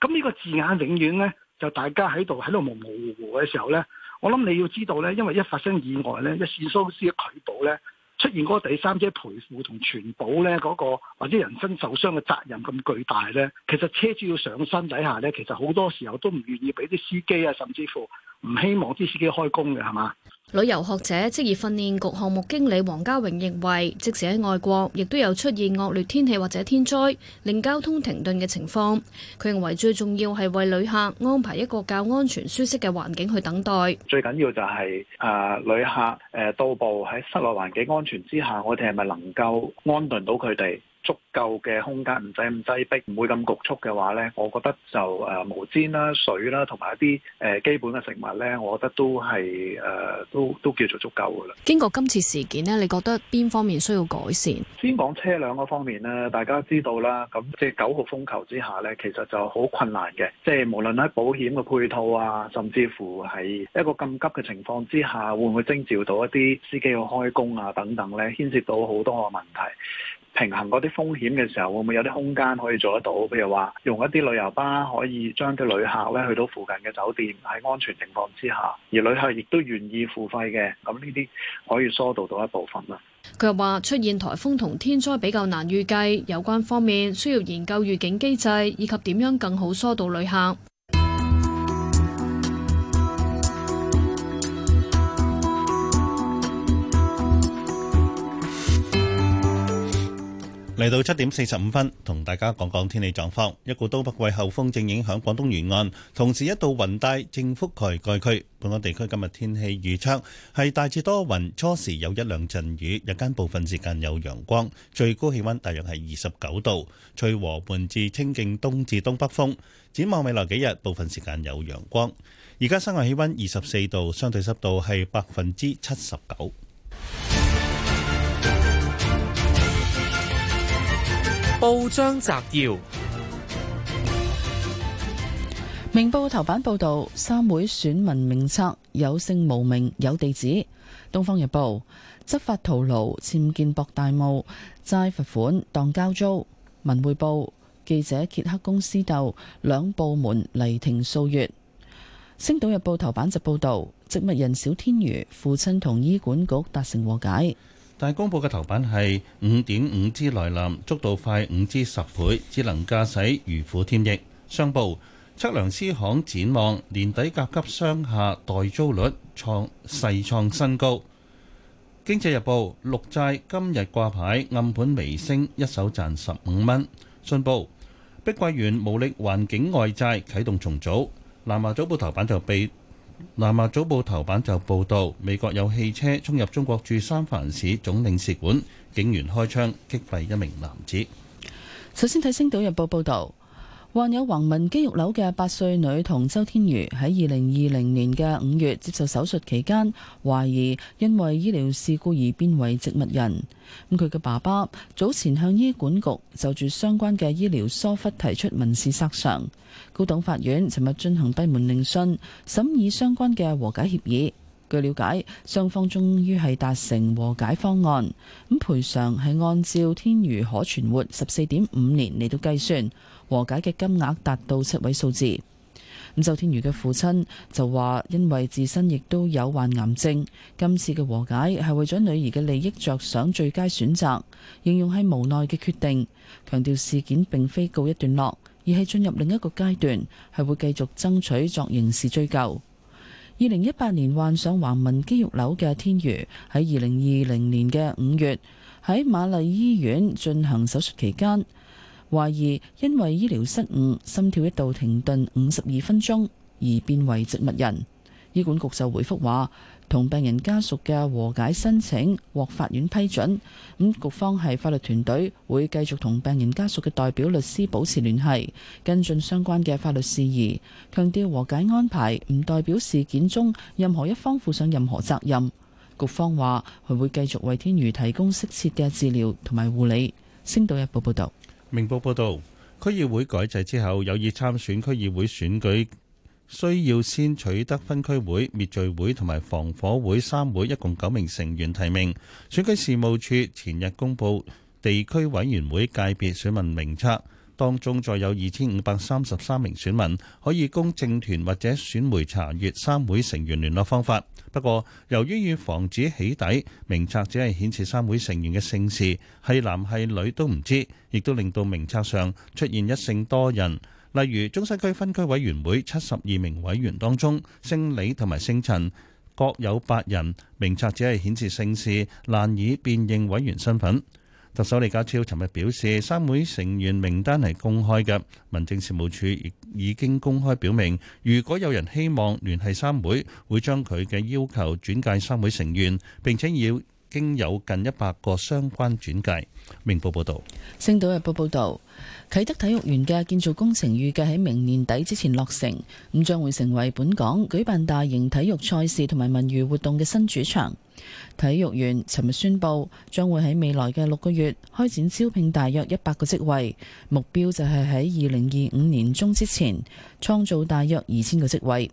咁呢個字眼永遠咧，就大家喺度喺度模模糊糊嘅時候咧，我諗你要知道咧，因為一發生意外咧，一業主司拒保咧。出現嗰第三者賠付同全保咧，嗰個或者人身受傷嘅責任咁巨大咧，其實車主要上身底下咧，其實好多時候都唔願意俾啲司機啊，甚至乎。唔希望啲司機開工嘅，係嘛？旅遊學者、職業訓練局項目經理黃家榮認為，即使喺外國，亦都有出現惡劣天氣或者天災令交通停頓嘅情況。佢認為最重要係為旅客安排一個較安全、舒適嘅環境去等待。最緊要就係誒，旅客誒，到步喺室內環境安全之下，我哋係咪能夠安頓到佢哋？足夠嘅空間，唔使咁擠迫，唔會咁局促嘅話呢，我覺得就誒、呃、毛氈啦、水啦，同埋一啲誒、呃、基本嘅食物呢，我覺得都係誒、呃、都都叫做足夠嘅啦。經過今次事件呢，你覺得邊方面需要改善？先講車輛嗰方面咧，大家知道啦，咁即係九號風球之下呢，其實就好困難嘅。即係無論喺保險嘅配套啊，甚至乎係一個咁急嘅情況之下，會唔會徵召到一啲司機去開工啊？等等呢，牽涉到好多嘅問題。平衡嗰啲風險嘅時候，會唔會有啲空間可以做得到？譬如話，用一啲旅遊巴可以將啲旅客咧去到附近嘅酒店，喺安全情況之下，而旅客亦都願意付費嘅。咁呢啲可以疏導到一部分啦。佢又話出現台風同天災比較難預計，有關方面需要研究預警機制，以及點樣更好疏導旅客。嚟到七點四十五分，同大家講講天氣狀況。一股東北季候風正影響廣東沿岸，同時一道雲帶正覆蓋該區。本港地區今日天氣預測係大致多雲，初時有一兩陣雨，日間部分時間有陽光，最高氣温大約係二十九度，吹和緩至清勁東至東北風。展望未來幾日，部分時間有陽光。而家室外氣温二十四度，相對濕度係百分之七十九。報章摘要：明報頭版報道，三會選民名冊有姓無名，有地址。東方日報執法徒勞，僭建博大霧，債罰款當交租。文匯報記者揭黑公司鬥，兩部門厘停數月。星島日報頭版就報道，植物人小天瑜父親同醫管局達成和解。大公報嘅頭版係五點五 G 來臨，速度快五至十倍，智能駕駛如虎添翼。商報，測量師行展望年底甲級商廈代租率創細創新高。經濟日報，綠債今日掛牌，暗盤微升，一手賺十五蚊。信報，碧桂園無力環境外債啟動重組。南華早報頭版就被。《南華早報》頭版就報道，美國有汽車衝入中國駐三藩市總領事館，警員開槍擊斃一名男子。首先睇《星島日報》報道。患有橫紋肌肉瘤嘅八歲女童周天瑜喺二零二零年嘅五月接受手術期間，懷疑因為醫療事故而變為植物人。咁佢嘅爸爸早前向醫管局就住相關嘅醫療疏忽提出民事索償。高等法院尋日進行閉門聆訊，審議相關嘅和解協議。據了解，雙方終於係達成和解方案，咁賠償係按照天瑜可存活十四點五年嚟到計算。和解嘅金額達到七位數字。咁周天瑜嘅父親就話，因為自身亦都有患癌症，今次嘅和解係為咗女兒嘅利益着想，最佳選擇，形容係無奈嘅決定。強調事件並非告一段落，而係進入另一個階段，係會繼續爭取作刑事追究。二零一八年患上橫紋肌肉瘤嘅天瑜，喺二零二零年嘅五月喺瑪麗醫院進行手術期間。懷疑因為醫療失誤，心跳一度停頓五十二分鐘而變為植物人。醫管局就回覆話，同病人家屬嘅和解申請獲法院批准。咁局方係法律團隊會繼續同病人家屬嘅代表律師保持聯繫，跟進相關嘅法律事宜。強調和解安排唔代表事件中任何一方負上任何責任。局方話佢會繼續為天瑜提供適切嘅治療同埋護理。星島日報報道。明報報道，區議會改制之後，有意參選區議會選舉，需要先取得分區會、滅罪會同埋防火會三會一共九名成員提名。選舉事務處前日公布地區委員會界別選民名冊。當中再有二千五百三十三名選民，可以供政團或者選會查閲三會成員聯絡方法。不過，由於要防止起底，名冊只係顯示三會成員嘅姓氏，係男係女都唔知，亦都令到名冊上出現一姓多人。例如，中西區分區委員會七十二名委員當中，姓李同埋姓陳各有八人，名冊只係顯示姓氏，難以辨認委員身份。特首李家超尋日表示，三會成員名單係公開嘅。民政事務處亦已經公開表明，如果有人希望聯繫三會，會將佢嘅要求轉介三會成員。並且要經有近一百個相關轉介。明報報導，《星島日報》報導，啟德體育園嘅建造工程預計喺明年底之前落成，咁將會成為本港舉辦大型體育賽事同埋文娛活動嘅新主場。體育園尋日宣布，將會喺未來嘅六個月開展招聘，大約一百個職位，目標就係喺二零二五年中之前創造大約二千個職位。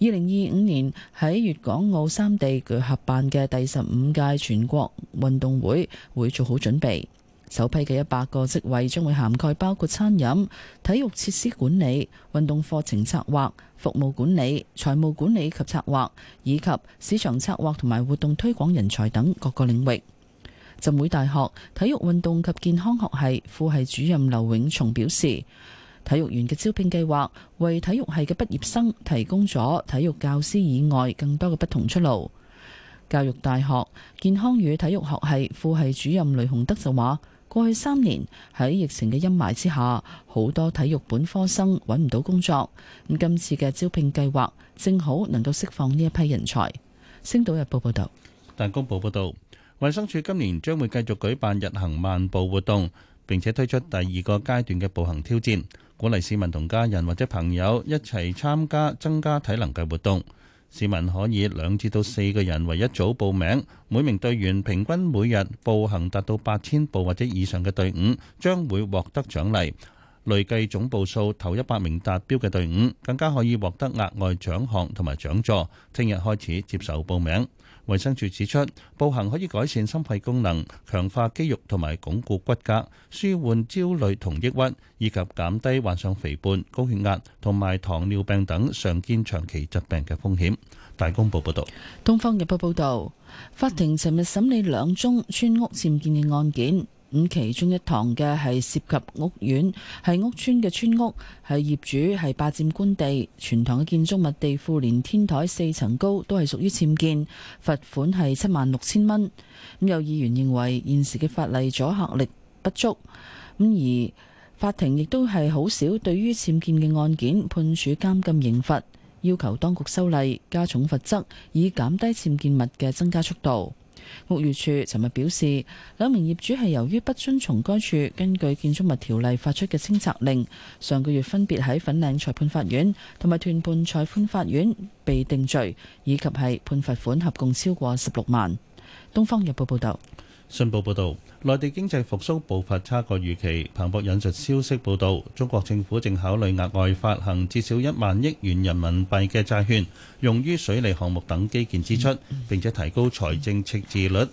二零二五年喺粵港澳三地合辦嘅第十五屆全國運動會會做好準備。首批嘅一百個職位將會涵蓋包括餐飲、體育設施管理、運動課程策劃、服務管理、財務管理及策劃，以及市場策劃同埋活動推廣人才等各個領域。浸會大學體育運動及健康學系副系主任劉永松表示，體育員嘅招聘計劃為體育系嘅畢業生提供咗體育教師以外更多嘅不同出路。教育大學健康與體育學系副系主任雷洪德就話。過去三年喺疫情嘅陰霾之下，好多體育本科生揾唔到工作。咁今次嘅招聘計劃正好能夠釋放呢一批人才。星島日報報道，《大公報》報道，衞生署今年將會繼續舉辦日行萬步活動，並且推出第二個階段嘅步行挑戰，鼓勵市民同家人或者朋友一齊參加，增加體能嘅活動。市民可以兩至到四個人為一組報名，每名隊員平均每日步行達到八千步或者以上嘅隊伍，將會獲得獎勵。累計總步數頭一百名達標嘅隊伍，更加可以獲得額外獎項同埋獎座。聽日開始接受報名。衛生署指出，步行可以改善心肺功能，強化肌肉同埋鞏固骨骼，舒緩焦慮同抑鬱，以及減低患上肥胖、高血壓同埋糖尿病等常見長期疾病嘅風險。大公報報道，東方日報報道，法庭尋日審理兩宗村屋僭建嘅案件。咁其中一堂嘅係涉及屋苑，係屋邨嘅村屋，係業主係霸佔官地，全堂嘅建築物地庫連天台四層高都係屬於僭建，罰款係七萬六千蚊。咁有議員認為現時嘅法例阻嚇力不足，咁而法庭亦都係好少對於僭建嘅案件判處監禁刑罰，要求當局修例加重罰則，以減低僭建物嘅增加速度。屋宇署尋日表示，兩名業主係由於不遵從該署根據建築物條例發出嘅清拆令，上個月分別喺粉嶺裁判法院同埋屯門裁判法院被定罪，以及係判罰款合共超過十六萬。東方日報報道。信報報道，內地經濟復甦步伐差過預期。彭博引述消息報道，中國政府正考慮額外發行至少一萬億元人民幣嘅債券，用於水利項目等基建支出，並且提高財政赤字率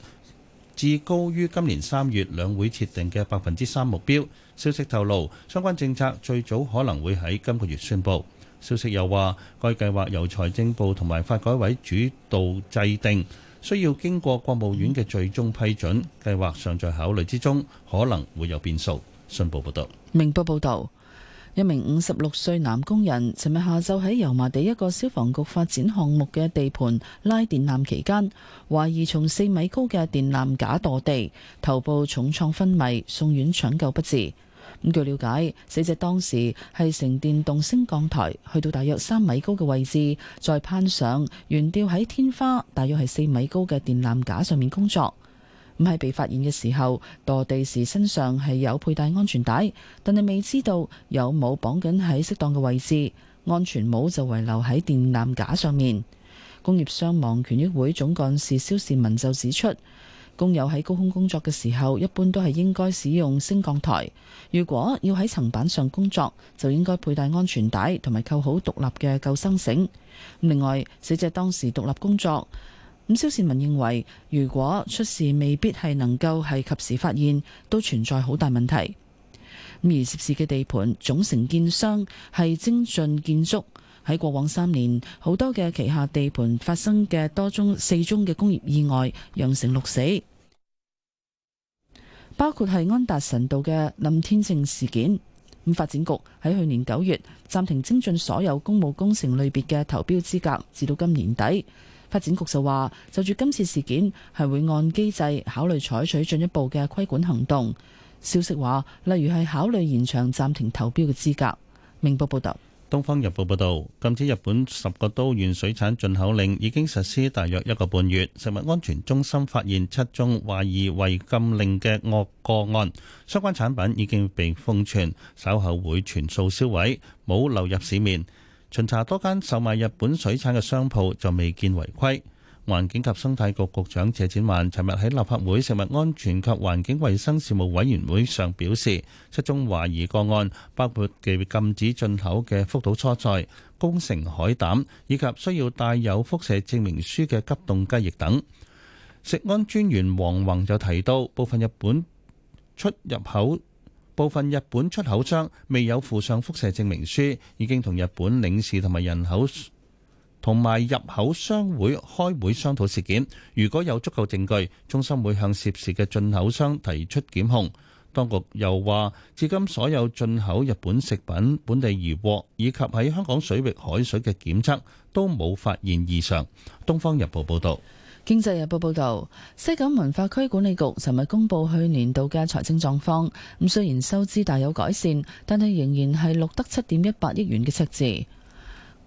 至高於今年三月兩會設定嘅百分之三目標。消息透露，相關政策最早可能會喺今個月宣佈。消息又話，該計劃由財政部同埋發改委主導制定。需要經過國務院嘅最終批准，計劃尚在考慮之中，可能會有變數。信報報導。明報報道：一名五十六歲男工人尋日下晝喺油麻地一個消防局發展項目嘅地盤拉電纜期間，懷疑從四米高嘅電纜架墮地，頭部重創昏迷，送院搶救不治。咁據了解，死者當時係乘電動升降台去到大約三米高嘅位置，再攀上懸吊喺天花，大約係四米高嘅電纜架上面工作。咁喺被發現嘅時候，墮地時身上係有佩戴安全帶，但係未知道有冇綁緊喺適當嘅位置，安全帽就遺留喺電纜架上面。工業傷亡權益會總幹事蕭倩文就指出。工友喺高空工作嘅時候，一般都係應該使用升降台。如果要喺層板上工作，就應該佩戴安全帶同埋扣好獨立嘅救生繩。另外，死者當時獨立工作。咁肖善文認為，如果出事未必係能夠係及時發現，都存在好大問題。咁而涉事嘅地盤總承建商係精進建築，喺過往三年好多嘅旗下地盤發生嘅多宗四宗嘅工業意外，釀成六死。包括係安達臣道嘅冧天秤事件，咁發展局喺去年九月暫停精進所有公務工程類別嘅投標資格，至到今年底。發展局就話就住今次事件係會按機制考慮採取進一步嘅規管行動。消息話，例如係考慮延長暫停投標嘅資格。明報報道。《東方日報》報道，禁止日本十個都縣水產進口令已經實施大約一個半月，食物安全中心發現七宗懷疑違禁令嘅惡個案，相關產品已經被封存，稍後會全數銷毀，冇流入市面。巡查多間售賣日本水產嘅商鋪就未見違規。環境及生態局局長謝展寰尋日喺立法會食物安全及環境衛生事務委員會上表示，七宗懷疑個案包括已被禁止進口嘅福島蔬菜、宮城海膽以及需要帶有輻射證明書嘅急凍雞翼等。食安專員黃宏就提到，部分日本出入口部分日本出口商未有附上輻射證明書，已經同日本領事同埋人口。同埋入口商會開會商討事件，如果有足夠證據，中心會向涉事嘅進口商提出檢控。當局又話，至今所有進口日本食品、本地漁獲以及喺香港水域海水嘅檢測都冇發現異常。《東方日報》報道，《經濟日報》報道，西九文化區管理局尋日公布去年度嘅財政狀況，咁雖然收支大有改善，但係仍然係錄得七點一八億元嘅赤字。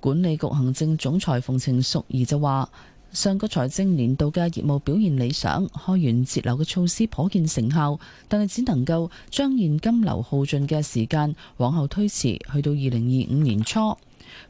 管理局行政總裁馮程淑儀就話：上個財政年度嘅業務表現理想，開源節流嘅措施頗見成效，但係只能夠將現金流耗盡嘅時間往後推遲，去到二零二五年初。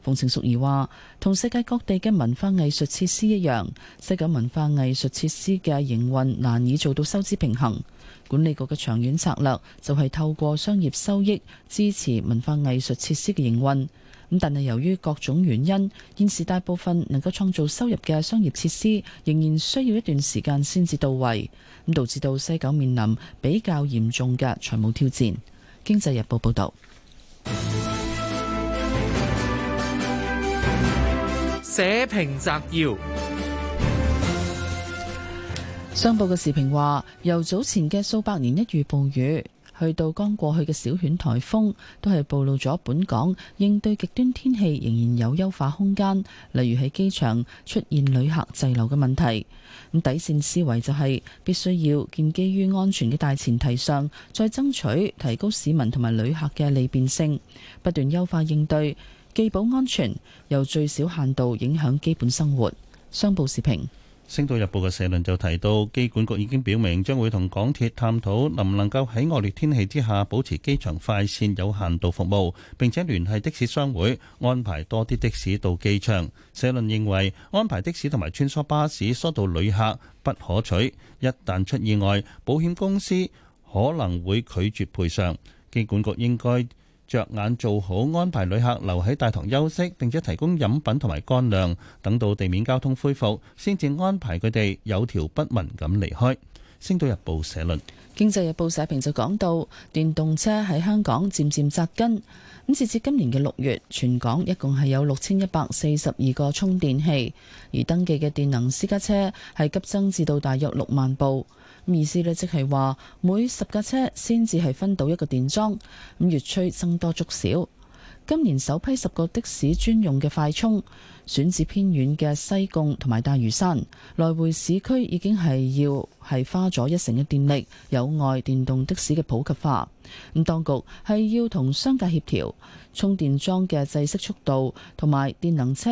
馮程淑儀話：同世界各地嘅文化藝術設施一樣，西九文化藝術設施嘅營運難以做到收支平衡。管理局嘅長遠策略就係透過商業收益支持文化藝術設施嘅營運。咁但係由於各種原因，現時大部分能夠創造收入嘅商業設施仍然需要一段時間先至到位，咁導致到西九面臨比較嚴重嘅財務挑戰。經濟日報報道。社評摘要，商報嘅時評話，由早前嘅數百年一遇暴雨。去到剛過去嘅小犬台風都係暴露咗本港應對極端天氣仍然有優化空間，例如喺機場出現旅客滯留嘅問題，咁底綫思維就係、是、必須要建基於安全嘅大前提上，再爭取提高市民同埋旅客嘅利便性，不斷優化應對，既保安全又最少限度影響基本生活。商報視頻。星島日報嘅社論就提到，機管局已經表明將會同港鐵探討能唔能夠喺惡劣天氣之下保持機場快線有限度服務，並且聯繫的士商會安排多啲的士到機場。社論認為安排的士同埋穿梭巴士疏導旅客不可取，一旦出意外，保險公司可能會拒絕賠償。機管局應該。着眼做好安排，旅客留喺大堂休息，並且提供飲品同埋乾糧，等到地面交通恢復，先至安排佢哋有條不紊咁離開。星島日報社論，經濟日報社評就講到，電動車喺香港漸漸紮根。咁截至今年嘅六月，全港一共係有六千一百四十二個充電器，而登記嘅電能私家車係急增至到大約六萬部。意思呢，即係話每十架車先至係分到一個電樁。咁越吹僧多粥少。今年首批十個的士專用嘅快充，選址偏遠嘅西貢同埋大嶼山，來回市區已經係要係花咗一成嘅電力，有礙電動的士嘅普及化。咁當局係要同商界協調充電樁嘅制式、速度同埋電能車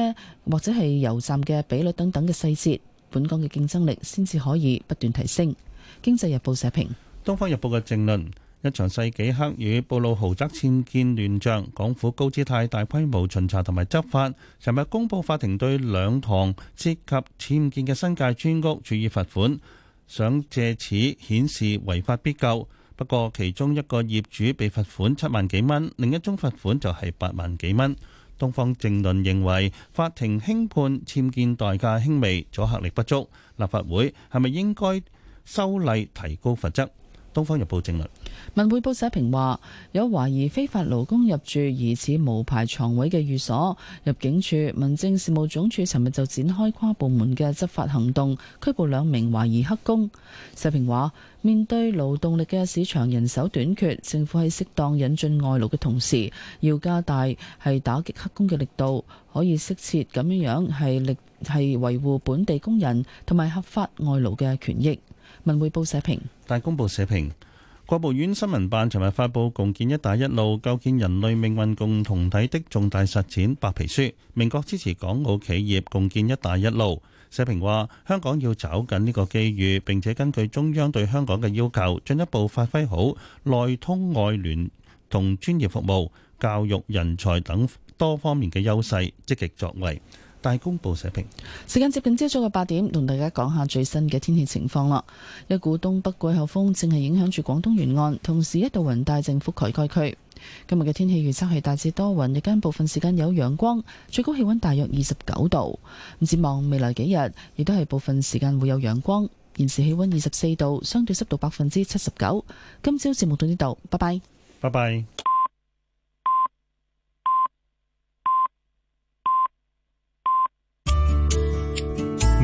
或者係油站嘅比率等等嘅細節，本港嘅競爭力先至可以不斷提升。經濟日報社評，東方日報嘅正論。一場世紀黑雨暴露豪宅僭建亂象，港府高姿態大規模巡查同埋執法。尋日公布法庭對兩堂涉及僭建嘅新界村屋處以罰款，想借此顯示違法必究。不過其中一個業主被罰款七萬幾蚊，另一宗罰款就係八萬幾蚊。東方正論認為法庭輕判僭建代價輕微，阻嚇力不足。立法會係咪應該修例提高罰則？《東方日報》政論，文匯報社評話：有懷疑非法勞工入住疑似無牌床位嘅寓所，入境處、民政事務總署尋日就展開跨部門嘅執法行動，拘捕兩名懷疑黑工。社評話：面對勞動力嘅市場人手短缺，政府喺適當引進外勞嘅同時，要加大係打擊黑工嘅力度，可以適切咁樣樣係力係維護本地工人同埋合法外勞嘅權益。文匯報社評，大公報社評，國務院新聞辦尋日發布《共建“一帶一路”構建人類命運共同體的重大實踐》白皮書，明確支持港澳企業共建“一帶一路”。社評話：香港要抓緊呢個機遇，並且根據中央對香港嘅要求，進一步發揮好內通外聯同專業服務、教育人才等多方面嘅優勢，積極作為。大公報社評。時間接近朝早嘅八點，同大家講下最新嘅天氣情況啦。一股東北季候風正係影響住廣東沿岸，同時一度雲帶正覆蓋該區。今日嘅天氣預測係大致多雲，日間部分時間有陽光，最高氣温大約二十九度。咁展望未來幾日，亦都係部分時間會有陽光。現時氣温二十四度，相對濕度百分之七十九。今朝節目到呢度，拜拜。拜拜。